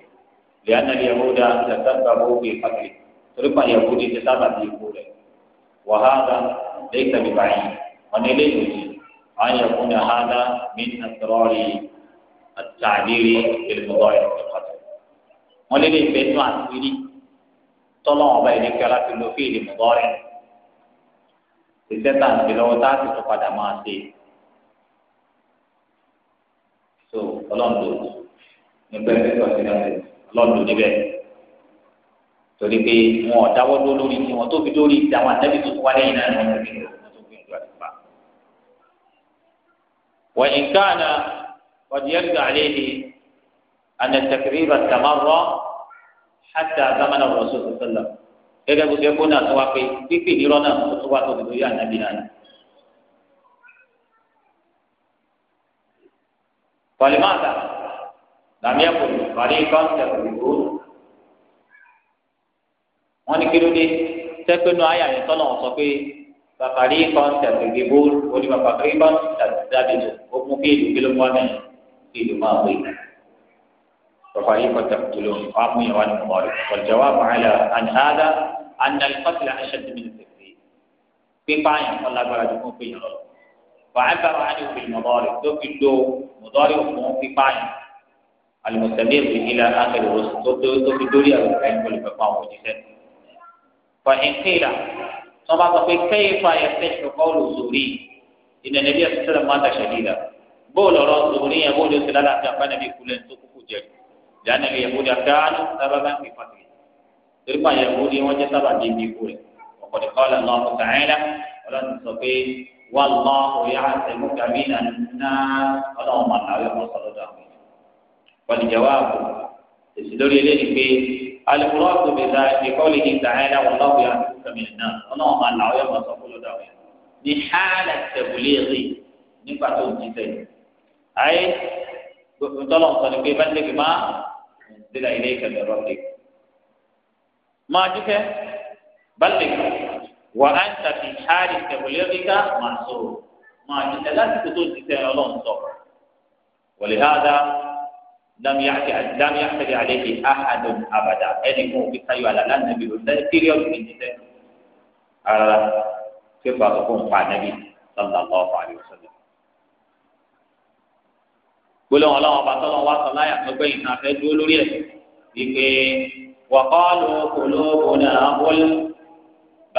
لأن اليهود تسببوا في قتله تربى اليهود تسبب في قوله وهذا ليس ببعيد ونليه أن يكون هذا من أسرار التعبير بالمضايق في القتل بيتنا عن tọ́lọ́wọ́n ọba ìdíkẹ́ láti lo fíìlì mọ̀gọ́rin ìṣẹ́ta ìlọ́wọ́ tá a ti tún padà ọlọ́run lò ní pẹ́ẹ́pẹ́ tọ́sí náà ṣe ọlọ́run lò níbẹ̀ torí pé wọn ọ̀dáwọ́ dó lórí tí wọn tó fi dórí ìdáwọn àtẹ́bí tó tún wá lẹ́yìn náà wọn fi wọn tó gbìyànjú àti pa. wọ́n yìí káàna ọ̀dìyẹ́lì gàlẹ́ ni àna tẹ̀kìrì bá tàmá rọ́ hàtà bàmánà rọ̀ sọ̀tọ̀ sọ̀lọ̀ gẹ́gẹ́ bó ṣe kó náà tó wá pé pípé ìrọ́ náà tó wá tó fi dórí àtẹ́bí náà فلماذا لم يكن فريقا تكذبون wọ́n ní kí ló dé sẹ́pẹ́nu ayé àyè tọ́lọ̀ wọ́n sọ pé bàkàrí kan tẹ̀sígbébó oní bàkàrí kan tẹ̀sígbébó ó mú kí ìlú kí ló mú amẹ́ kí ìlú máa wé bàkàrí kan tẹ̀sígbébó wọ́n á mú yẹn wá ní rẹ̀ ọ̀jọ̀ wa bàá la àníhàdá àníhàlì kọ́sìlẹ̀ àṣẹ tẹ̀mí ní tẹ̀sí pípa àyàn lágbára ju fún pé yẹn lọ́wọ́. فعبر عنه بالمضارع توكل له مضارع وفي بعض المستمر إلى آخر الرسل توكل دوري أو كان كل فقام وجسد فإن قيل ثم كيف يصح قول الزهري إن النبي صلى الله عليه وسلم مات شديدا بول رأى الزهري يقول يصل يسأل الله كفانا كل سكوك جد لأن اليهود كانوا سببا في فتره ثم يهودي وجد سببا في قوله وقد قال الله تعالى ولن تستطيع والله يعلمك من الناس ولو ما لا يحصل دعوه والجواب تسدر إليه في المراد بذلك بقوله تعالى والله يعلمك من الناس ولو ما لا يحصل دعوه لحالة تبليغ نبات الجسد أي تلوم صلى الله عليه ما أنزل إليك من ربك ما جفه بلغ wà á ń tàbí hali tẹ̀wọ̀lẹ́ríkà máa sọ̀rọ̀ máa jíjẹ láti kó tó ti tẹ̀ ọlọ́run sọ. wọ̀lẹ̀ hádà lámì àtẹ̀lẹ̀ àlejò àhàdùn àbàdà ẹni kún òfin káyọ̀ àlàlá nàbí olùdarí píríọ̀dù méjì tẹ̀. ara ṣé fà sọ fún pa nàbí sallallahu alaihi wasallam. gbólóhùn ọlọ́wọ́n bá tọ́lọ́ wá sọ láyà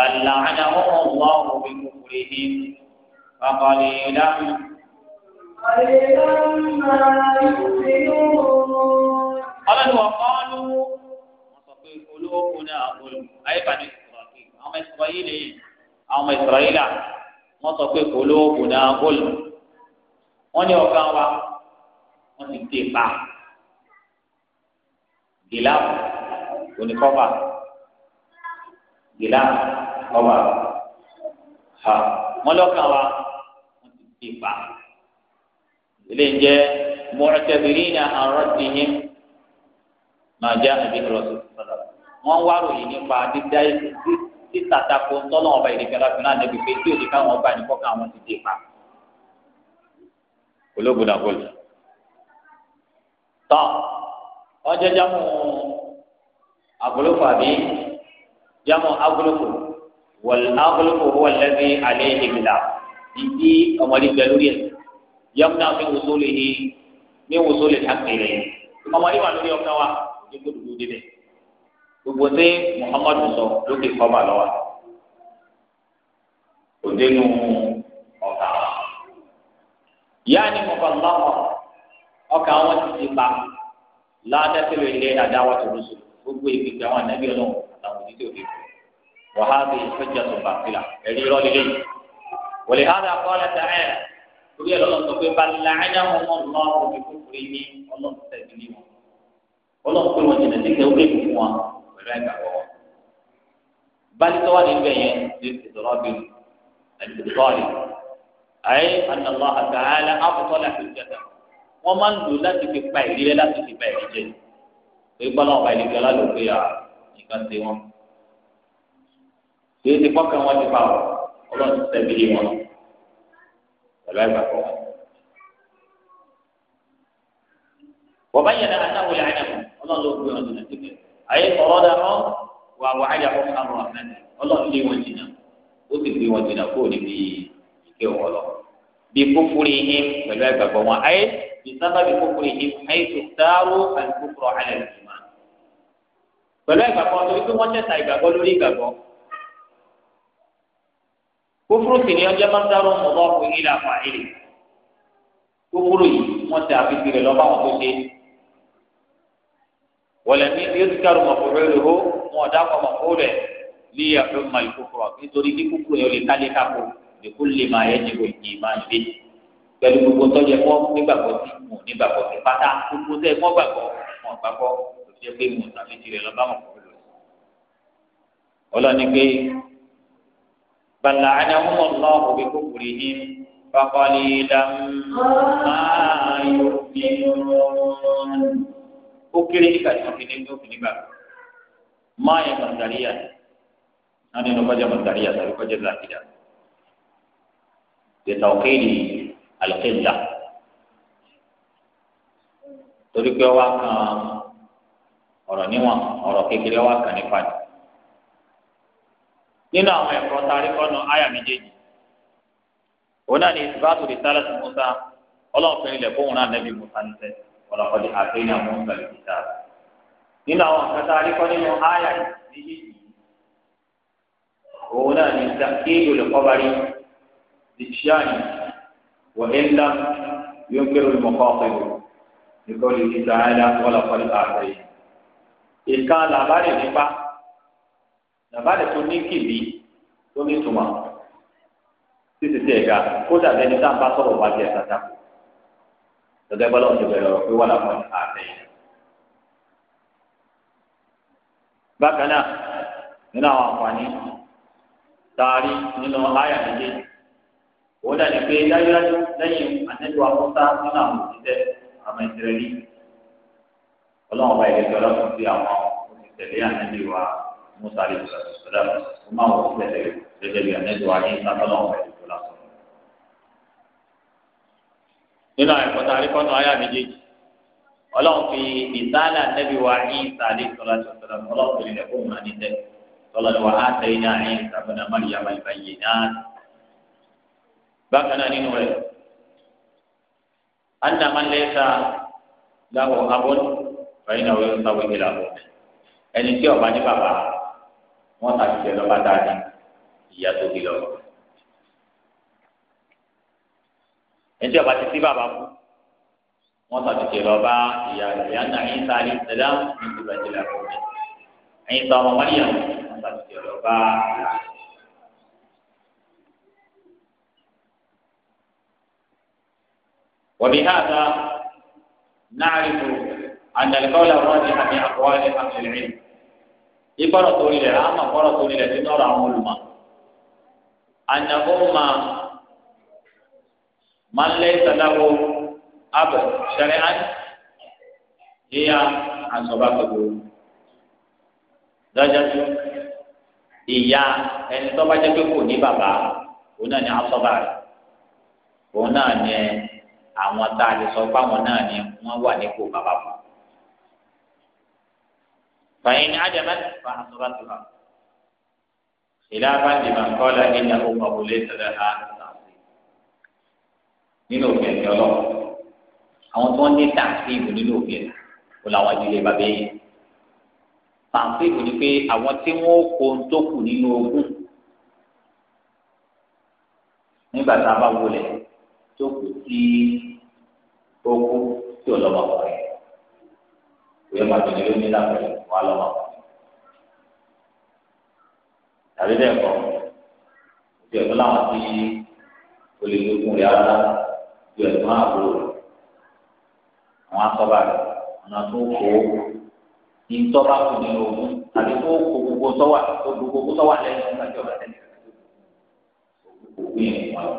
بل لعنهم الله بكفرهم فقليلا قليلا ما يؤمنون قالوا وقالوا وتقي قلوبنا ظلم أي بني إسرائيل أو إسرائيل أو إسرائيل وتقي قلوبنا ظلم wọ́n ní ọ̀gá wa wọ́n ti dé pa gíláàbù oníkọ́fà gíláàbù. ọba ha wọn wa ilé jẹ mọ̀tẹ́bìrì ní àrùn máa jẹ́ àbí ìrọ̀sùn sọ̀rọ̀ wọn wá ròyìn nípa dídá títa tako tọ́lọ́ ọba ìdíkẹ́ láti náà níbi pé tí ọba ní kọ́kọ́ àwọn ti ológun náà tọ́ ọjọ́ jámù àbí jámù والأغلب هو الذي عليه بلا يجي أمر الجلولية يمنع من وصوله من وصول الحق إليه أمر ما نريد أن يقول وجوده gbogbo ní muhammadu sọ lókè kọ́mà lọ́wọ́ òdenu ọ̀kà yaani mọ̀kànláwọ̀ ọkà wọn ti ti pa ládàtẹ̀wé ilé àdáwọ̀ tó lóṣù gbogbo ìgbìgbà wọn ànábì ọlọ́run àtàwọn òdìdí òdìdí. وهذه حجة باطلة الذي لي ولهذا قال تعالى torí ẹ lọ́nà sọ pé balẹ̀ ayáwó wọn lọ òbí kúkúrú ní ọlọ́run tẹ̀lé ní wọn ọlọ́run pé wọn jìnnà sí kẹ́ wúlé fún wọn pẹ̀lú ẹ̀ka wọ́wọ́. balẹ̀ tó wà níbẹ̀ yẹn lè fi sọ̀rọ̀ bí ẹ̀dùnkọ́ọ̀lì ayé ànàlọ́ àtàlẹ́ àbùtọ́ láti jẹta wọ́n máa ń lò láti fi pa ìrírí láti fi pa ìrírí jẹ pé gbọ́dọ̀ pa ìrírí ọlá ló pé à nǹkan ti wọn kí ti kọ́kẹ́ wọn ti fa ọ ọlọ́run ti sẹ́bìlì wọn pẹ̀lú àgbàkọ́ wọn. wọ́n bá yẹn náà náwó yà á yà mọ́ ọlọ́run ló gbé wọn jìnnà síbẹ̀ ayé ọ̀rọ̀ dà ọ́ wà wà á yà fún kàrọ̀ àmẹ́ni ọlọ́run lé wọn jìnnà ó sì gbé wọn jìnnà kó níbi ìké wọn lọ. bí kúkúrú yìí pẹ̀lú àgbàkọ́ wọn ayé bí sábà bí kúkúrú yìí ayé tó dáró àti kúkúrú àlẹ́ ìgbàgbọ́ kófúrú sì ni ọjọ́ máa ń dárò mọ̀bá ọkọ̀ yìí là fà ilé kófúrú yìí wọ́n ti àfihàn rẹ̀ lọ́ba wọn tó dé wọlé ní yóò ti kárò mọ̀kúrò rẹ̀ hó wọn ọ̀dà kọ̀ mọ̀kúrò rẹ̀ lé ẹ̀fọ́ mọ̀ ìkókòrò nítorí kí kókòrò yẹn ò lè kálé kápò lè kó lè máa yẹ jìbò yìí máa ń gbé pẹ̀lú gbogbo tọ́jú ẹ̀fọ́ nígbàgbọ́ sí mọ̀ nígbàgbọ́ sí pátá gbogbo tẹ́ بل لعنهم الله بكفرهم فقليلا ما يؤمنون ukiri nígbà tí wọn fi ní tó fi nígbà máa yẹ mọtàríyà náà nínú kọjá mọtàríyà tàbí kọjá làkìjà gbèsè òkèèrè àlùkèjà torí pé wọ́n á kan ọ̀rọ̀ níwọ̀n ọ̀rọ̀ kékeré wọ́n á kan nípa ni nínú àwọn ẹ̀kọ́ tá a rí kọ́nà àyà méjèèjì òun náà ní ìsìbáàtò lè sálẹ̀ sí Musa ọlọ́run fẹ́ ilẹ̀ fóun náà nẹ́bí Musa ní sẹ́ ọ̀làkọ́dé àtẹ́yìn àwọn Musa lè kíta nínú àwọn ẹ̀kọ́ tá a rí kọ́ nínú àyà méjèèjì òun náà ní ìsàkéèlò lè kọ́bárí dìṣíàní wọ̀hẹ́ndà yóò kéré olùmọ̀kọ́ ọ̀pẹ̀wò nìkan lè kíta àyà ọ̀làkọ́dé àtẹ́yìn nàbàlẹ̀ tó ní kìlì tó ní tuma títí tẹ̀ ga kódà bẹ́ẹ̀ ni tá a bá sọ̀rọ̀ wá jẹ́ tata kù gẹ́gẹ́ bọ́lá òun ti bẹ̀rẹ̀ ọ̀rọ̀ pé wà lápá àtẹ̀yìn. bákan náà nínú àwọn àǹfààní taari nínú àyà méjèèjì wọ́n dà ní pé dájúdájú lẹ́yìn àtẹ́jú akọ́ta nínú àwọn òṣìṣẹ́ àmọ́ ìṣẹ̀lẹ̀ yìí ọlọ́run ọba ìrẹsì ọlọ́run fi àwọn òṣìṣẹ́ lé àtẹ́jú wa musa alayhi salam o máa wọ sílẹ̀ lẹ́yìn gẹ́gẹ́ bí anẹ́jọ ayé sábàlá ọ̀rọ̀ ẹ̀ tó lásán. nínú àìkọ́tà àríkọ́nà ayé àméjèèjì ọlọ́run fi ìsáàlà nẹ́bí wa Ìsá alayhi salam ọlọ́run fi lè fóun náà níṣẹ́ tọ́lá ni wà á tẹ̀yìn náà Ìsá bọ́nà Maryam ìbáyé náà. bákan náà nínú rẹ̀ anna man laysa lahu abun náà wọ́n sáwọ́ ìlà ẹni tí ọba ní bàbá wọ́n ta lọ bá lọ́ba dáadáa ìyá tó bí lọ. ẹtí ọba ti sí bàbá kú wọ́n ta lọ bá ìyá ìyá náà ẹ̀yìn sáà ní sáré ṣẹlá níbi ìbàjẹ́ làkọ́ mi ẹ̀yìn sọ ọmọ wáyà wọ́n ṣàṣìṣe lọ́ba ìyá. وبهذا نعرف أن القول الراجح من أقوال أهل العلم ìkọ̀rọ̀ tó rinlẹ̀ àmọ́ kọ̀rọ̀ tó rinlẹ̀ nínú ọ̀rọ̀ àwọn olùmọ̀ anyagoma malẹ̀ sadago abẹ sẹrẹ an yíya asọba gbogbo dájájú ìyá ẹni tó bá jẹ́ pé kò ní bàbá òun náà ní asọba rẹ̀ òun náà ní àwọn tá a lè sọ pé àwọn náà ní wọ́n wà nípò bàbá fún un. فإن عجبت فحسبتها خلافا لمن قال إنه قبول ليس لها تعصيب nínú òfin ẹ̀sìn ọlọ́run àwọn tó ń ní tàǹfíìmù nínú òfin ẹ̀sìn kò làwọn ìdílé bàbá yẹn tàǹfíìmù ni pé àwọn tí wọ́n kó ń tó kù nínú ogún nígbà ìwé màtòlè ló ní lápẹ̀lẹ̀ fún wa lọ́wọ́. tàbí bẹ́ẹ̀ kọ́ ojú ẹ̀dọ́ láwọn tí olùdókòwò rẹ̀ ara ju ẹ̀dọ́ àbúrò rẹ̀ àwọn asọ́ba rẹ̀ ọ̀nà tó kó ìtọ́ba kò ní ogun tàbí kó kó gbogbo tọ́wà kó gbogbo tọ́wà lẹ́yìn nígbà tí ọba tẹ̀lé òkú yẹn wà lọ.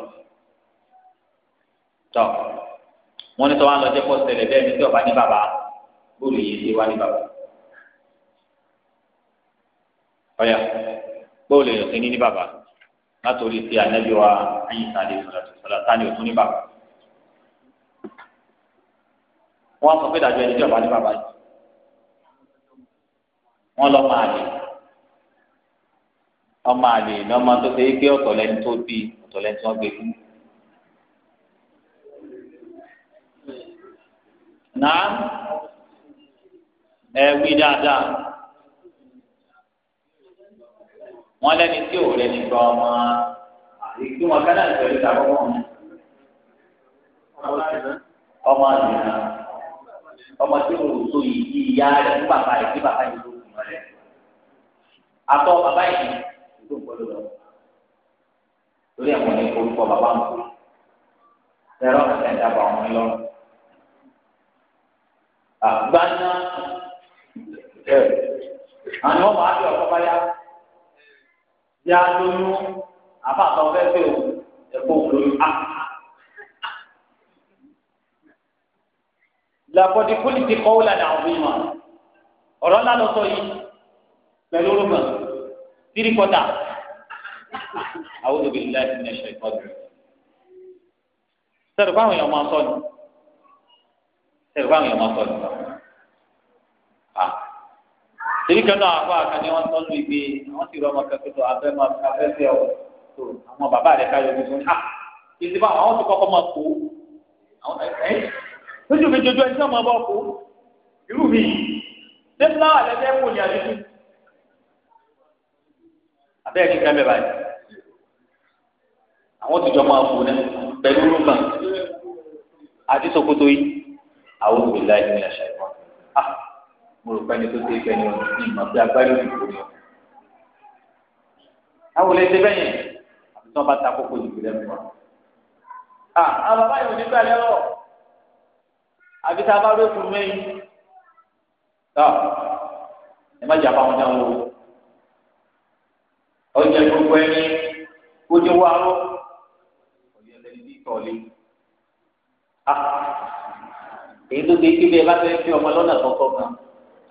tọ́ wọ́n ní sọ wá lọ jẹ́ pọ́ bẹ́ẹ̀ ni tí ọba ní bàbá bóòlù yìí ṣe wá ní bàbá ọyà bóòlù yìí ṣe ní ní bàbá látòrí ti ànábì wa ayíṣà àdé sọlá tani òtún ní bàbá wọn sọ pé dàjọ ẹni tí ọba ní bàbá yìí wọn lọ máa lè ọmọ àlè ní ọmọ tó ṣe é gbé ọ̀tọ̀ lẹ́ni tó bí ọ̀tọ̀ lẹ́ni tí wọ́n gbé fún. náà ẹ wí dáadáa wọn lẹni tí ò lẹni gbọ ọmọ àti wọn kánà ìtọ́jú àkọ́kọ́ ọmọ àdìyàn ọmọ tí mo so yìí di ìyá rẹ̀ fún bàbá rẹ̀ kí bàbá yìí ló fún ọ rẹ̀ atọ bàbá yìí ló gbọ́dọ̀ lọ lórí ẹ̀wọ̀n ní orúkọ bàbá ń kú ẹ̀rọ ẹ̀dá bàbá wọn lọ. àgbáná ẹ àwọn ọmọ àti ọkọ bá yá yá lóyún àbátan fẹẹ fẹ o ẹkọ lóyún á. Ah, ah, ah. làbọ̀dì kúlìtì kọ́ wúlà dàrú bí wọn ọ̀rọ̀ ńlá lọ sọ yìí pẹ̀lú orúkọ tìrìkọ́tà àwọn òbí ńlá ti ní ẹ̀ṣẹ̀ ìkọ́jú sẹ́dùkú àwọn èèyàn máa sọ ni sẹ́dùkú àwọn èèyàn máa sọ ni torí kan náà àfa àkànní wọn tọ́ lu ìgbé àwọn ti rọ ọmọ kan pẹ̀lú abẹ́ máa fi abẹ́ fẹ́ ọ tó àwọn bàbá rẹ̀ ká yọjú fún ha ìdí bá àwọn ti kọ́kọ́ máa kó àwọn ẹ̀ lójú mi jojú ẹni tí wọ́n máa bọ́ kó irú mi ṣé fúláwà lẹ́fẹ́ wò ní àdúgbò abẹ́ ẹ̀kí kan bẹ̀ báyìí àwọn ti jọ máa kó ní pẹ̀lú rúbà àti ṣòkòtò yìí àwọn òbí láì ní àṣà ìmọ̀ mo rò pẹ́ni tó ṣe fẹ́ ni ọ̀ ní ìmọ̀ bí agbárí òyìnbó ni ọ̀. àwọn olè ṣe bẹ́yẹn àti tí wọ́n bá ta kókó ìdìbò lẹ́nu wa. àwọn bàbá yìí ò ní gbàlẹ́ rọ̀ àbí tá a bá rí òkú mẹ́yìn. tọ́ ẹ má jà bá wọn dáwọ́ ọjà gbogbo ẹni kó jẹ́ wá rọ́ ọ̀yọ́ lẹ́ni bí tọ́lé èyí tó ti kí bí ẹ bá fẹ́ fi ọmọ lọ́nà kọ̀ọ̀kan kan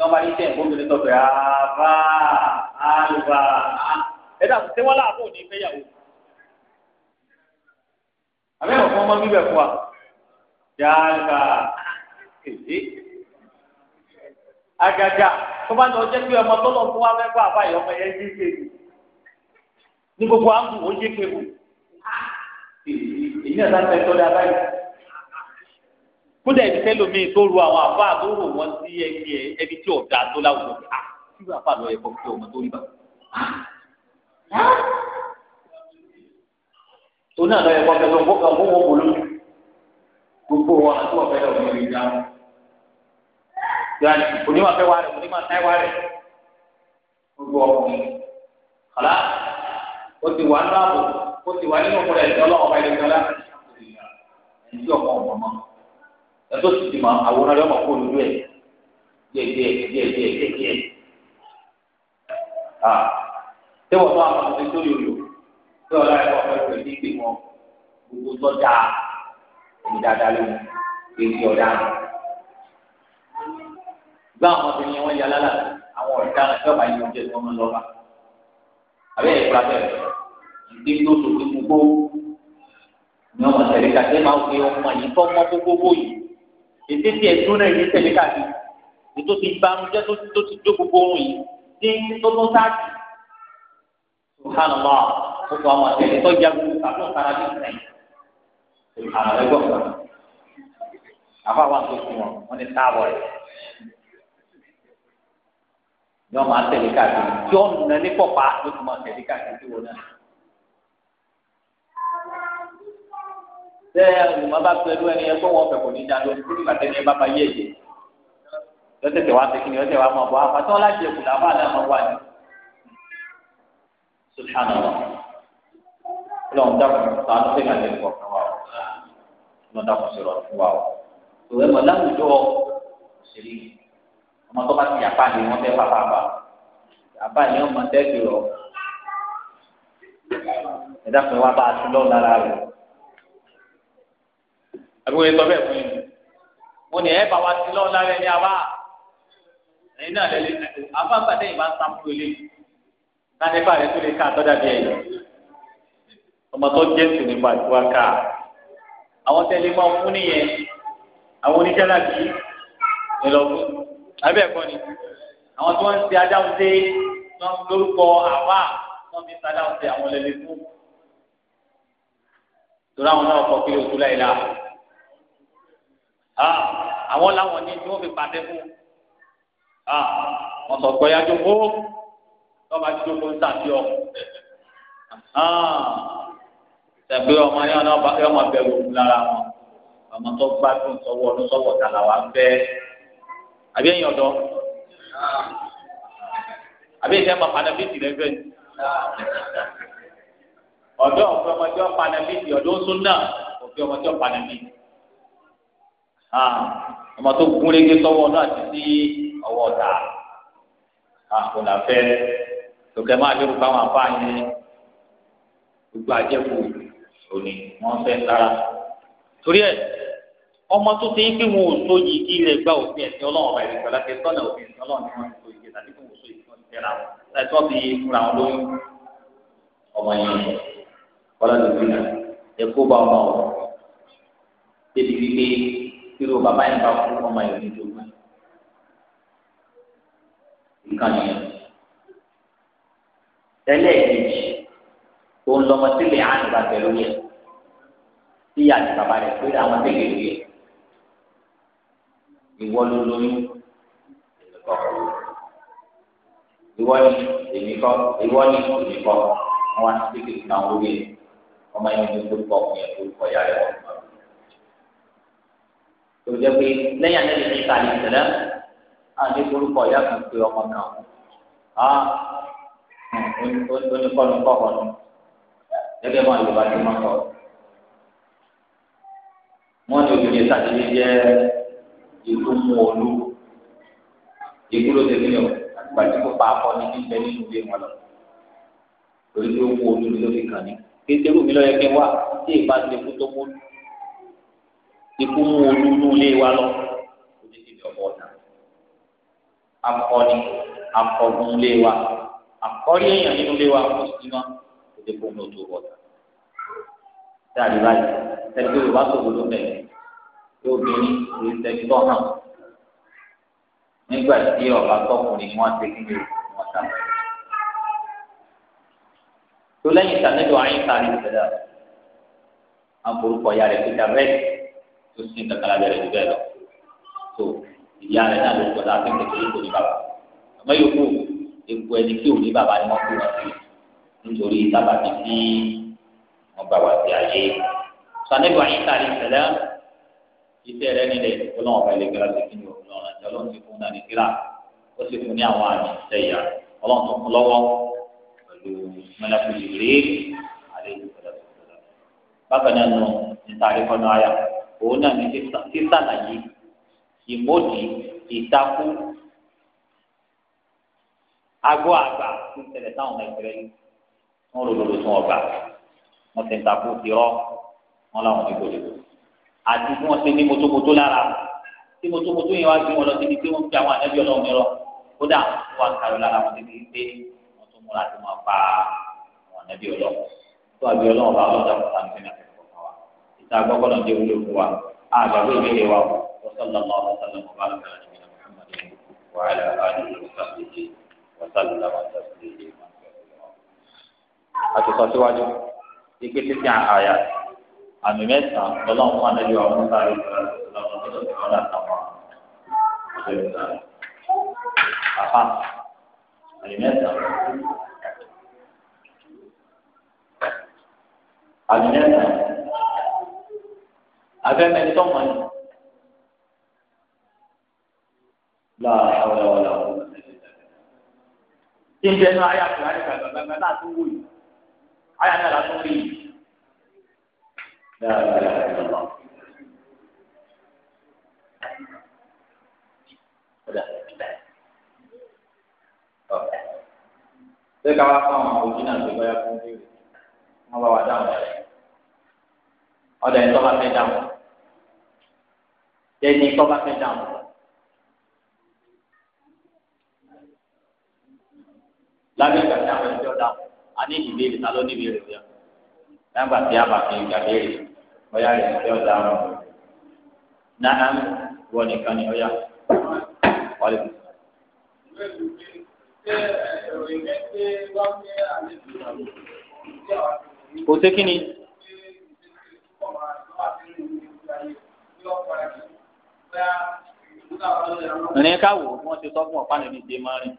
tọ́ba yìí tẹ̀ gómìnà tọ́ pé àbá àlùbá ẹ dà sí wọn láàbò ní ìfẹ́yàwó. àbẹ́wò fún ọmọ bíbẹ̀ fún wa jàǹkà èyí. àgàgà tọ́ba ní ọjọ́ pé ọmọ tọ́lọ̀ fún wa mẹ́fà àbáyọ̀ ọmọ yẹn jí kéwù ní gbogbo àǹkù ó jí kéwù. èyí náà sáfẹ́ tọ́lẹ̀ abáyé kódà ibi tẹlómi tó ru àwọn àfa tó rò wọn sí ẹbí ẹbí tí ọ̀dà tó láwùjọ pé ah kí wọ́n àfa lọ ẹ̀kọ́ fi ọmọ tó rí bá. tó náà lọ ẹ̀kọ́ fẹ́ẹ́ lọ́wọ́ kan fún wọn kò lójú gbogbo wọn àti wọn fẹ́ẹ́ lọ́wọ́ ìrìn àwọn. yanni onímọ̀ fẹ́ wá rẹ̀ onímọ̀ táì wá rẹ̀ gbogbo ọkùnrin kàlá ó ti wà nínú àbò ó ti wà nínú ọkùnrin ẹ̀dọ́ lọ́wọ́ ọ̀pá ẹ̀tọ́ sì ti mọ àwòrán rẹ ọmọ kó lulú ẹ díẹ̀ díẹ̀ díẹ̀ díẹ̀ díẹ̀ díẹ̀ à ṣé wọn tó àwọn ọmọdé tó yòó lò ṣé ọlá ẹ̀kọ́ ọmọdé ní ìgbè wọn gbogbo tó èyí dáadáa ló èyí ọ̀dà gbá àwọn obìnrin wọn yà lálà àwọn ọ̀daràn tí ọba yìí ọjọ́ ìwọ́n lọ́ba àbẹ́ ìfura bẹ́ẹ̀ ìdí tó sòkè gbogbo ni ọmọ tẹ̀lé kàtẹ́ máa ń gbé ọmọ yìí fọ́ mọ́ gbogbo yìí èdè tí ẹ dúró náà yìí tẹ̀lé káàkiri ètò ti bá mu jẹ́ tó ti dó gbogbo ohun yìí tí tó tó sáàtì sùhánù náà ó sọ ọmọ tẹ̀lé tó jẹ́ gbogbo kàdó kára bí sẹ́yìn sùhánù lẹ́gbọ̀n kan àbá wa tó fún wọn wọn ní táàbọ̀ rẹ̀ yọ máa tẹ̀lé káàkiri tí ó ní pọ̀pá ló tún máa tẹ̀lé káàkiri tí wọn náà. tẹ olùmọ bá pẹlú ẹni ẹ kó wọn fẹ kò ní dá lórí kó nígbà tẹni ẹ bá ba yé ẹjẹ lọtẹtẹ wa tẹkìnì lọtẹ wa mọ bọ àfàtọ láti ẹkùn làwọn àná máa wà ní. subhana wa lọ́wọ́n dákun sànú pé kàdé ń bọ̀ fún wa o lọ́wọ́n dákun sọ̀rọ̀ fún wa o òwe mọ̀ láwùjọ òṣèré ọmọ tó bá ti yàpá ni wọ́n fẹ́ pàpà bá yàpá ni wọ́n mọ̀ tẹ́kì rọ̀ ẹ̀dá pé wá bá a tún lọ́ọ̀ lára rẹ̀ àbúrò yẹn sọ bẹ́ẹ̀ fún yín mo ní ẹ bá wa sí lọ́wọ́ lára ẹni àbá ẹ̀yin náà lẹ́lẹ́ àbá gbàdé yìí máa ń sàmúlò ilé láti bá rẹ tó lè ká àtọ́jà bí ẹ̀yìn ọmọ tó jẹ́ sí nípa ìtura ká àwọn tẹ́lẹ̀ máa ń fún nìyẹn àwọn oníjàlá bíi ìlọ́gbọ́n àbẹ́ ẹ̀kọ́ ni àwọn tí wọ́n ń ṣe adáhùn dé tí wọ́n lórúkọ àbá wọ́n fi ń sadáhùn dé àwọn lẹ́lẹ́ fún. torí àwọn náà kọ àwọn làwọn ní tí wọ́n fi pàdé fún wọ́n sọ pé yájú kó lọ́ba jíjó kó ń sàbí ọ. sẹ́gbẹ́ ọmọ yẹn ọmọ bẹ wò ó lára wọn ọmọ tó gbádùn sọ́wọ́ ọdún sọ́wọ́ tà làwọn abẹ́ àbí ẹ̀yìn ọ̀dọ́ àbí ìṣe máa padà bíi tìrẹ fẹ́ ọ̀dọ́ ọ̀fẹ́ ọmọdé ọ̀padà bíi ọ̀dọ́ sún náà ọ̀fẹ́ ọmọdé ọ̀padà bíi ọmọ tó gún régé sọ́wọ́ náà ti sí ọwọ́ ọ̀tá kò là fẹ́ tòkẹ́ máa lérò báwọn afá yẹn gbogbo àjẹkù òní wọ́n fẹ́ sára torí ẹ̀ ọmọ tó ti ń pín wọn ò so yìí kí ilẹ̀ gba òfin ẹ̀sìn ọlọ́run ọba ìrìnkà láti tọ́lẹ̀ òfin ẹ̀sìn ọlọ́run ni wọ́n ti so yìí tàbí kí wọ́n so yìí wọ́n ti tẹ̀ra wọn láti wọ́n fi fúnra wọn lóyún ọmọ yẹn kọ́lá lójú náà ẹ̀kọ́ bá ọmọ wọn débi wípé kíló bàbá yẹn bá fún ọmọ yẹn níjọba ìkànnì yẹn tẹ́lẹ̀ kejì tó ń lọmọ sílẹ̀ àdùbà pẹ̀lú yẹn tí yàtì bàbá rẹ̀ pé àwọn tẹ̀lé yẹn ìwọ ló lóyún ìkọ ìwọ ni èmi kọ ìwọ ni èmi kọ wọn wá sí kékeré náà lórí ọmọ yẹn ló kọ ọmọ yẹn ló kọ yàrá wọn tó jẹ́ pé lẹ́yìn anábì ní ìta àlejò lẹ àti orúkọ ìyá kan pé ọmọ náà á oníkọlù kọkọ nù gẹ́gẹ́ bá Yorùbá ti máa kọ wọn ní obìnrin sátidé jẹ ikú mú olú ikú ló tẹ̀lé o àgbà tí kò pa akọ ní níbẹ̀ nínú ilé wọn lọ torí pé ó mú olú ló fi kàn ní kékeré mi lọ kí n wá tí ìbá tó mú olú ikú mú olúlu lé wa lọ ojú ti di ọmọ ọ̀tá akọni akọgun lé wa akọrí èèyàn nínú lé wa kò sí mọ́ ojú kó mú ojú ọ̀tá dáàbí báyìí ẹni tó yorùbá tó gbọdọ̀ bẹ́ẹ̀ yóò bí ní orí tẹbi tó hàn nígbà tí ọba tọkùnrin ni wọ́n ti kí ni wọ́n ta tó lẹ́yìn ìtànẹ́dọ̀ ayé sáré ìṣẹ̀dá àbúrúkọ ya rẹ̀ fi dà bẹ́ẹ̀ tó sì ń kankan lábẹ́ rẹ̀ jù bẹ́ẹ̀ lọ tó ìyá rẹ̀ náà ló ń gbọ́dọ̀ afẹ́kẹ́ tó kò ní bàbá àmọ́ yòókù epo ẹni tí ò ní bàbá ni wọ́n kó wọn sí nítorí sábàbí tí wọ́n bá wà sí ayé sanébà yìí tàbí ìṣẹ̀lẹ̀ iṣẹ́ rẹ̀ nílẹ̀ ọlọ́run ọ̀fẹ́ lè gbéra sí kíni ọlọ́run àti ọlọ́run ti fún náà ní kíra ó sì fún ní àwọn àmì ìṣẹ̀yà ọlọ́run tó kún lọ́wọ́ pẹ̀lú mẹ́lẹ́kùn ìrírí àlejò pẹ̀lú bákan náà nù ní tàbí kọ́nà ayà òun náà ní sísàlàyé ìmọ̀dì ìtakú agbó àgbà tó ń tẹ̀lé táwọn ọmọ ìṣẹ̀lẹ̀ yìí wọ́n rò lòlò tún ọgbà wọ́n ti ń takú irọ́ wọn làwọn ìbò lè lò àti bí wọ́n ti ní mọ́tòmọ́tò lára tí mọ́tòmọ́tò yẹn wá gbé wọn lọ síbi tí wọ́n ń fi àwọn ànábì ọlọ́run yẹn lọ kódà wọ́n ń kárí lára wọn níbi pé wọ́n tún múra sí wọn pa àwọn ànábì ọlọ́run tó àbí ọlọ́run bá ọlọ́run dàpọ̀ sáà tá a gbọ́ kọ́ náà dé wúlò fún wa a gbàgbé ìbéèrè wa wa sallallahu wa sallam wa baraka ala nabiyina muhammadin wa ala alihi wa sahbihi wa sallam wa tasbihi àti sọ síwájú ike títí àyà àmì mẹ́ta lọ́lọ́run fún anájú àwọn ọmọ sáré lọ́wọ́ tó ti lọ́la àtàwọn ọ̀dọ́ ìsáré. Àhá àmì mẹ́ta. àmì mẹ́ta abẹ́mẹ́ni tó mọ̀ ní. láàárọ̀ wọlé wọlé tí ń bẹnu ayé àti ayé kàgbà gbàgbà náà tó wù yìí ayé náà látó rí yìí. Ṣé ká wá fún àwọn òbí náà tó bá yá fún bí wọ́n bá wà dáhùn rẹ̀? Ọ̀dọ̀ ẹ̀ tó bá fẹ́ dáhùn ẹni tó bá fẹ́ dáhùn. lábẹ́ ìgbà tí àwọn ẹjọ́ dáhùn a ní ìdílé ìta ló níbi rẹ̀ bíọ́ lágbà tí a bá fi ìgbà léèrè ọ̀yá rẹ̀ ẹjọ́ dáhùn. náà wọ nìkan ni ọ̀yá wọlé. kò sí kí ni rìn káwò wọn ti sọ fún ọ̀pá níbi ìdè máa rìn.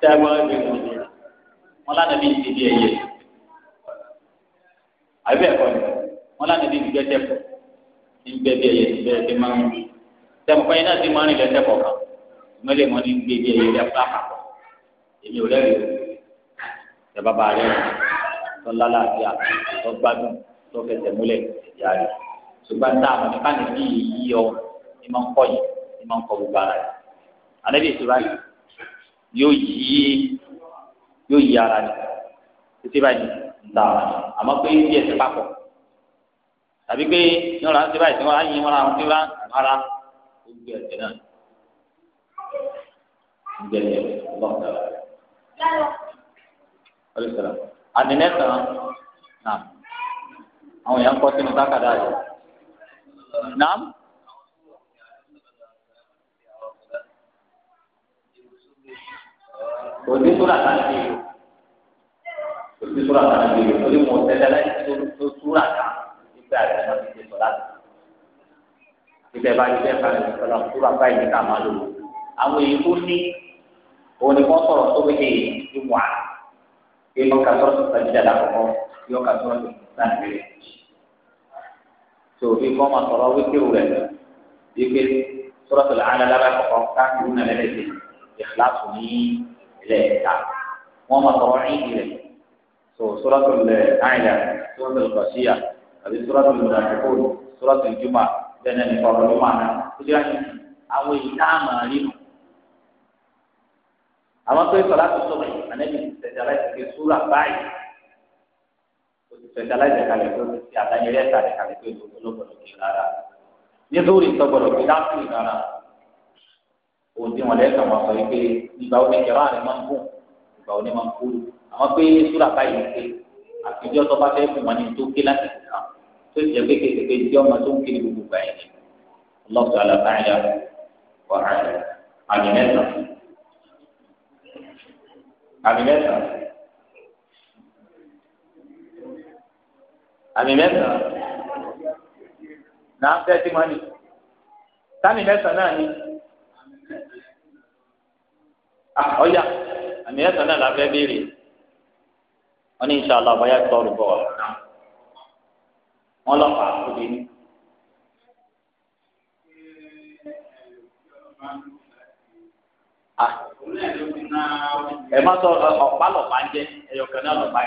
tẹ́gbọ́n wọn lánàá bí ìdílé ẹ̀yẹ àbí ẹ̀kọ́ ni wọn lánàá bí ìgbẹ́tẹ̀pọ̀ ìgbẹ́bí ẹ̀yẹ ìgbẹ́bí máa ń tẹ̀mọ̀pẹ́yìn náà ti máa ń rìn lẹ́tẹ̀pọ̀ kan ìmọ̀lẹ̀ mọ́ ní gbé bí ẹyẹ rẹ̀ fún àpapọ̀ èmi ò rẹ́rìí o ṣe bàbá rẹ̀ tó lálàáfíà tó gbádùn tó fẹsẹ̀ múlẹ̀ ìyá rẹ̀ ṣùgbọ́n tá a mọ̀ nípa níbi yìí ọ ní máa ń kọ́ yìí ní máa ń kọ́ gbogbo ara rẹ̀ alẹ́bí ìṣura yìí yóò yí yóò yí ara rẹ̀ títí báyìí ń ta ara rẹ̀ àmọ́ pé bí ẹsẹ̀ papọ̀ tàbí pé ní wọn là ń báyìí tí wọn á yin wọn ra wọn tí wọn á ara gbogbo ẹsẹ̀ náà جميل الله تعالى عليه السلام عند نفسه نعم أو ينقص نفسك هذا نعم òtí súrà kan ti yò òtí súrà kan ti yò torí mo tẹ́lẹ̀ láti tó súrà kan nígbà tí wọ́n ti ti sọ láti ìbẹ̀ bá ti bẹ́ẹ̀ bá ti sọ láti súrà báyìí ní ká máa lò àwọn èyí tó ní òun ni wọn sọ̀rọ̀ tó wílé ìwà pé wọn kà sọ̀rọ̀ tó sàjídà lákòókò bí wọn kà sọ̀rọ̀ tó sàjídà rẹ tó bí wọn máa sọ̀rọ̀ wípé rẹ wípé sọ̀rọ̀ tó làálà lára kọkọ káàkiri náà lẹlẹsẹ ìkìláàsù ní ilẹ̀ ẹ̀ka wọn máa sọ̀rọ̀ ẹ̀yìn rẹ tó sọ̀rọ̀ tó lẹ àìlà sọ̀rọ̀ tó lọkọsíyà àbí sọ̀rọ̀ tó lọdà kókó sọ̀rọ̀ tó jùmọ bẹ́ẹ̀ náà nípa ló máa ná ó àwọn pé sọlá tó sọmọ yìí ànábì ti sẹjà láti fi súrà báyìí o ti sẹjà láti kalẹ̀ tó ti fi àtàyẹrẹ ẹ̀ta rẹ̀ kalẹ̀ tó ìfowópamọ́ lọ́gbọ̀dọ̀ kí rárá nítorí ìtọ́gbọ̀dọ̀ kí dákúrì rárá òdi wọn lẹ́sẹ̀ wọn sọ pé ìgbà wo ni kẹrọ àrẹ máa ń gùn ìgbà wo ni máa ń kúrú àwọn pé súrà báyìí pé àfijọ́ tó bá fẹ́ fún wọn ni tó ké láti kàn tó jẹ́ pé kékeré jẹ́ ọmọ tó ń kiri gbogbo gbà yẹn lọ́sọ̀ọ́ àmì mẹ́ta àmì mẹ́ta náà ń tẹ́tí mọ́ ni sáàmì mẹ́ta náà ni ọ̀ya ah, àmì mẹ́ta náà la fẹ́ béèrè wọ́n ní inṣàlá ọ̀bọ̀yá tó ọ̀rùn bọ̀ wọ́n lọ́pàá kúbi ní. Ah. ẹ má sọ ọ̀pá lọ̀pá ẹ̀yọ̀kan náà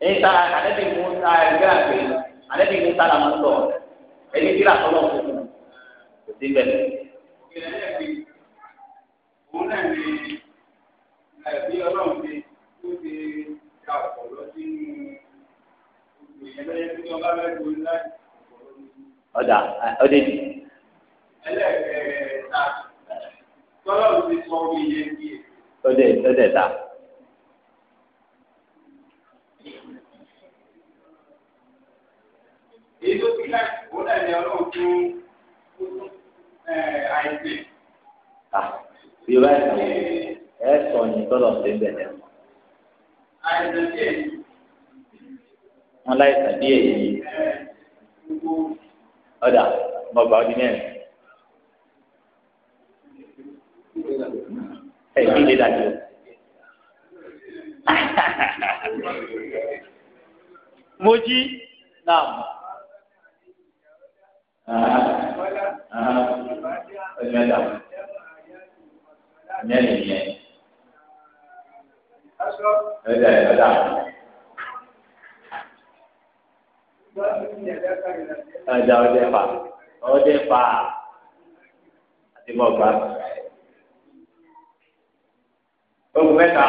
yẹn. àdẹ́bí mú ẹgbẹ́ àgbẹ̀ àdẹ́bí mú lọ ẹni tí ra tọ́lọ̀ fún un kò sí bẹ́ẹ̀. ọ̀dà ọ̀dẹ́jì. ẹlẹ́ẹ̀kẹ́ ta tọ́lá ò ti sọ omi yẹn kí ẹ. tọ́dẹ̀ tọ́dẹ̀ ta. èyí tó fi láì ó dàbí ọlọ́run tó àìsè. bí o bá yẹ ẹ sọ ní tọ́lọ̀ ń bẹ́ẹ̀ bẹ́ẹ̀ díẹ̀. wọ́n láìsàn díẹ̀ yìí ọ̀dà mọ̀gbà ọdún mẹ́rin. ẹ̀mí lè dájú. mo jí náà. ọdún mẹ́ta mẹ́rin yẹn. ọdún mẹ́ta. ẹja ọdẹ fà ọdẹ fà àtìmọ̀gbà ogun mẹ́ta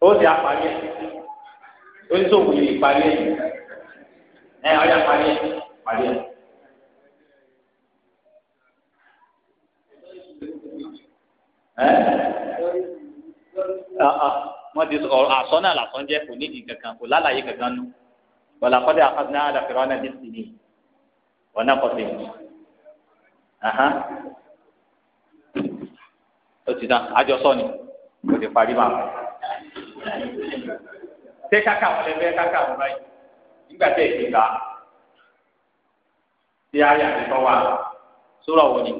ó ti àpáyé oníṣòwò yìí parí ẹ̀yìn ẹ ọjà parí ẹ̀yìn parí ẹ̀yìn. Uh-uh wọ́n ti ọ̀rọ̀ àsọ́nà làsán jẹ́ kò nídìí kankan kò lálàyé kankan nù wọ́n làkọ́dẹ́ àkàtúndà àdàfẹ́rọ́ náà bíi sìnì wọ́n náà kọ́sẹ̀ yìí ó ti dán àjọsọ ni kò ti parí bá wọn. ṣé káka wọn lè fẹ́ káka wọn báyìí nígbà tẹ̀ èké gbà tí a yà ti tọ́ wa sórọ̀ wò ni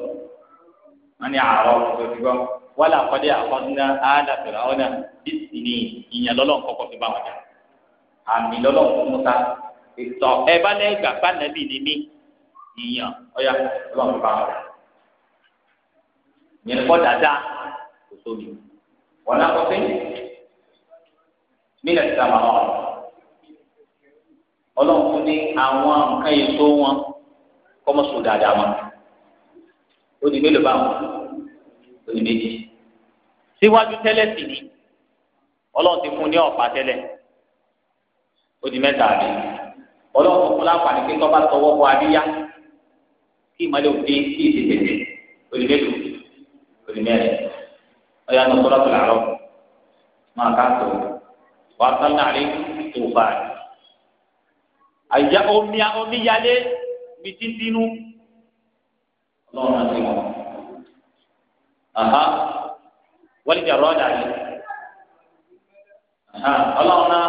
wọ́n ní àárọ̀ tó ti gbọ́ wala akɔdé akɔnuna ala firawuna disini ìyẹn lɔlɔ kɔkɔ fi bá wọn dà àmì lɔlɔ fún musa ìtɔ lɛ gbàgbá nàbì ni mí ìyẹn ɔyà lɔlɔ fi bá wọn dà yẹn kɔ dada kò tóbi wọn náà kɔfɛ mí lè sàmà wọn ɔlọ́nkú ní àwọn nǹkan yìí tó wọn kọ́mọ́sù dada wọn ó di mélòó bá wọn òní méjì síwájú tẹ́lẹ̀ sì ni ọlọ́run ti fún ní ọ̀pá tẹ́lẹ̀ ó di mẹ́ta àbí ọlọ́run tó fún láǹfààní pé tọ́ba tọwọ́ bọ abíyá kí ìmọ̀lẹ́ òde kí èdè tètè òní mélòó òní mẹ́rin ọ̀yà ní ọ̀sọ́lá tó làárọ̀ máa ká tó wà á sọ́nà àlẹ́ tó fà á. àyà omi yalé bìtìtìnú ọlọ́run àti wọn aha wọ́n ti jàrọ́ ọ̀dà yìí ọlọ́run náà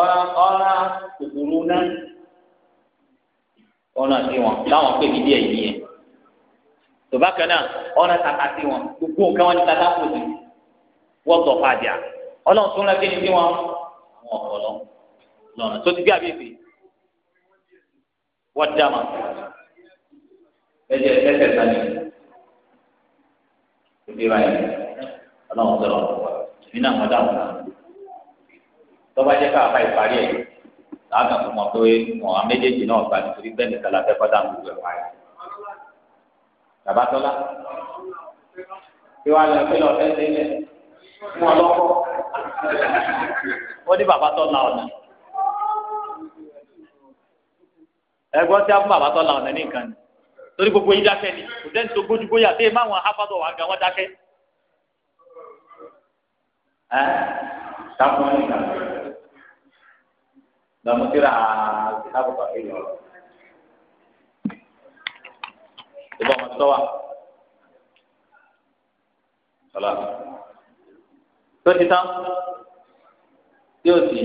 ọ̀rá ọ̀rá kòkòrò náà ọ̀nà sí wọn láwọn pè mí díẹ̀ yìí yẹn tòbákan náà ọ̀nà tata sí wọn gbogbo nǹkan wọn ni tata kò sí wọ́n tọ̀ fàdíà ọlọ́run tó ń rẹ́ kíni sí wọn àwọn ọ̀pọ̀lọ́ lọ́nà tó ti gbé àbíyèsí wọ́n dá wọn ẹ̀jẹ̀ ẹ̀sẹ̀ sani. ibi báyìí ọlọ́run sọ̀rọ̀ èmi náà mọ̀ dáhùn náà tọ́ba jẹ́ ká àbá ìparí ẹ̀ láàgàn fún wọn pé wọn àwọn méjèèjì náà gba nítorí bẹ́ẹ̀ la torí gbogbo yín dákẹ́ ni kò dẹ́ni tó gbójúgbóyà tẹ́ ẹ má wọn háfàdọ̀ wà gan wọn dákẹ́. ẹ takun ní ìgbà lọ́mú síra lábùkà fi lọ. ìbọn ọmọ tó wà sọlá tó ti tán tí ó sì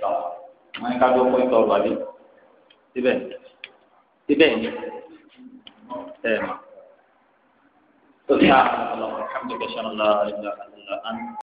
sọ wọn ká ló pín tọrọ síbẹ̀ síbẹ̀ yìí ẹ̀ mọ̀.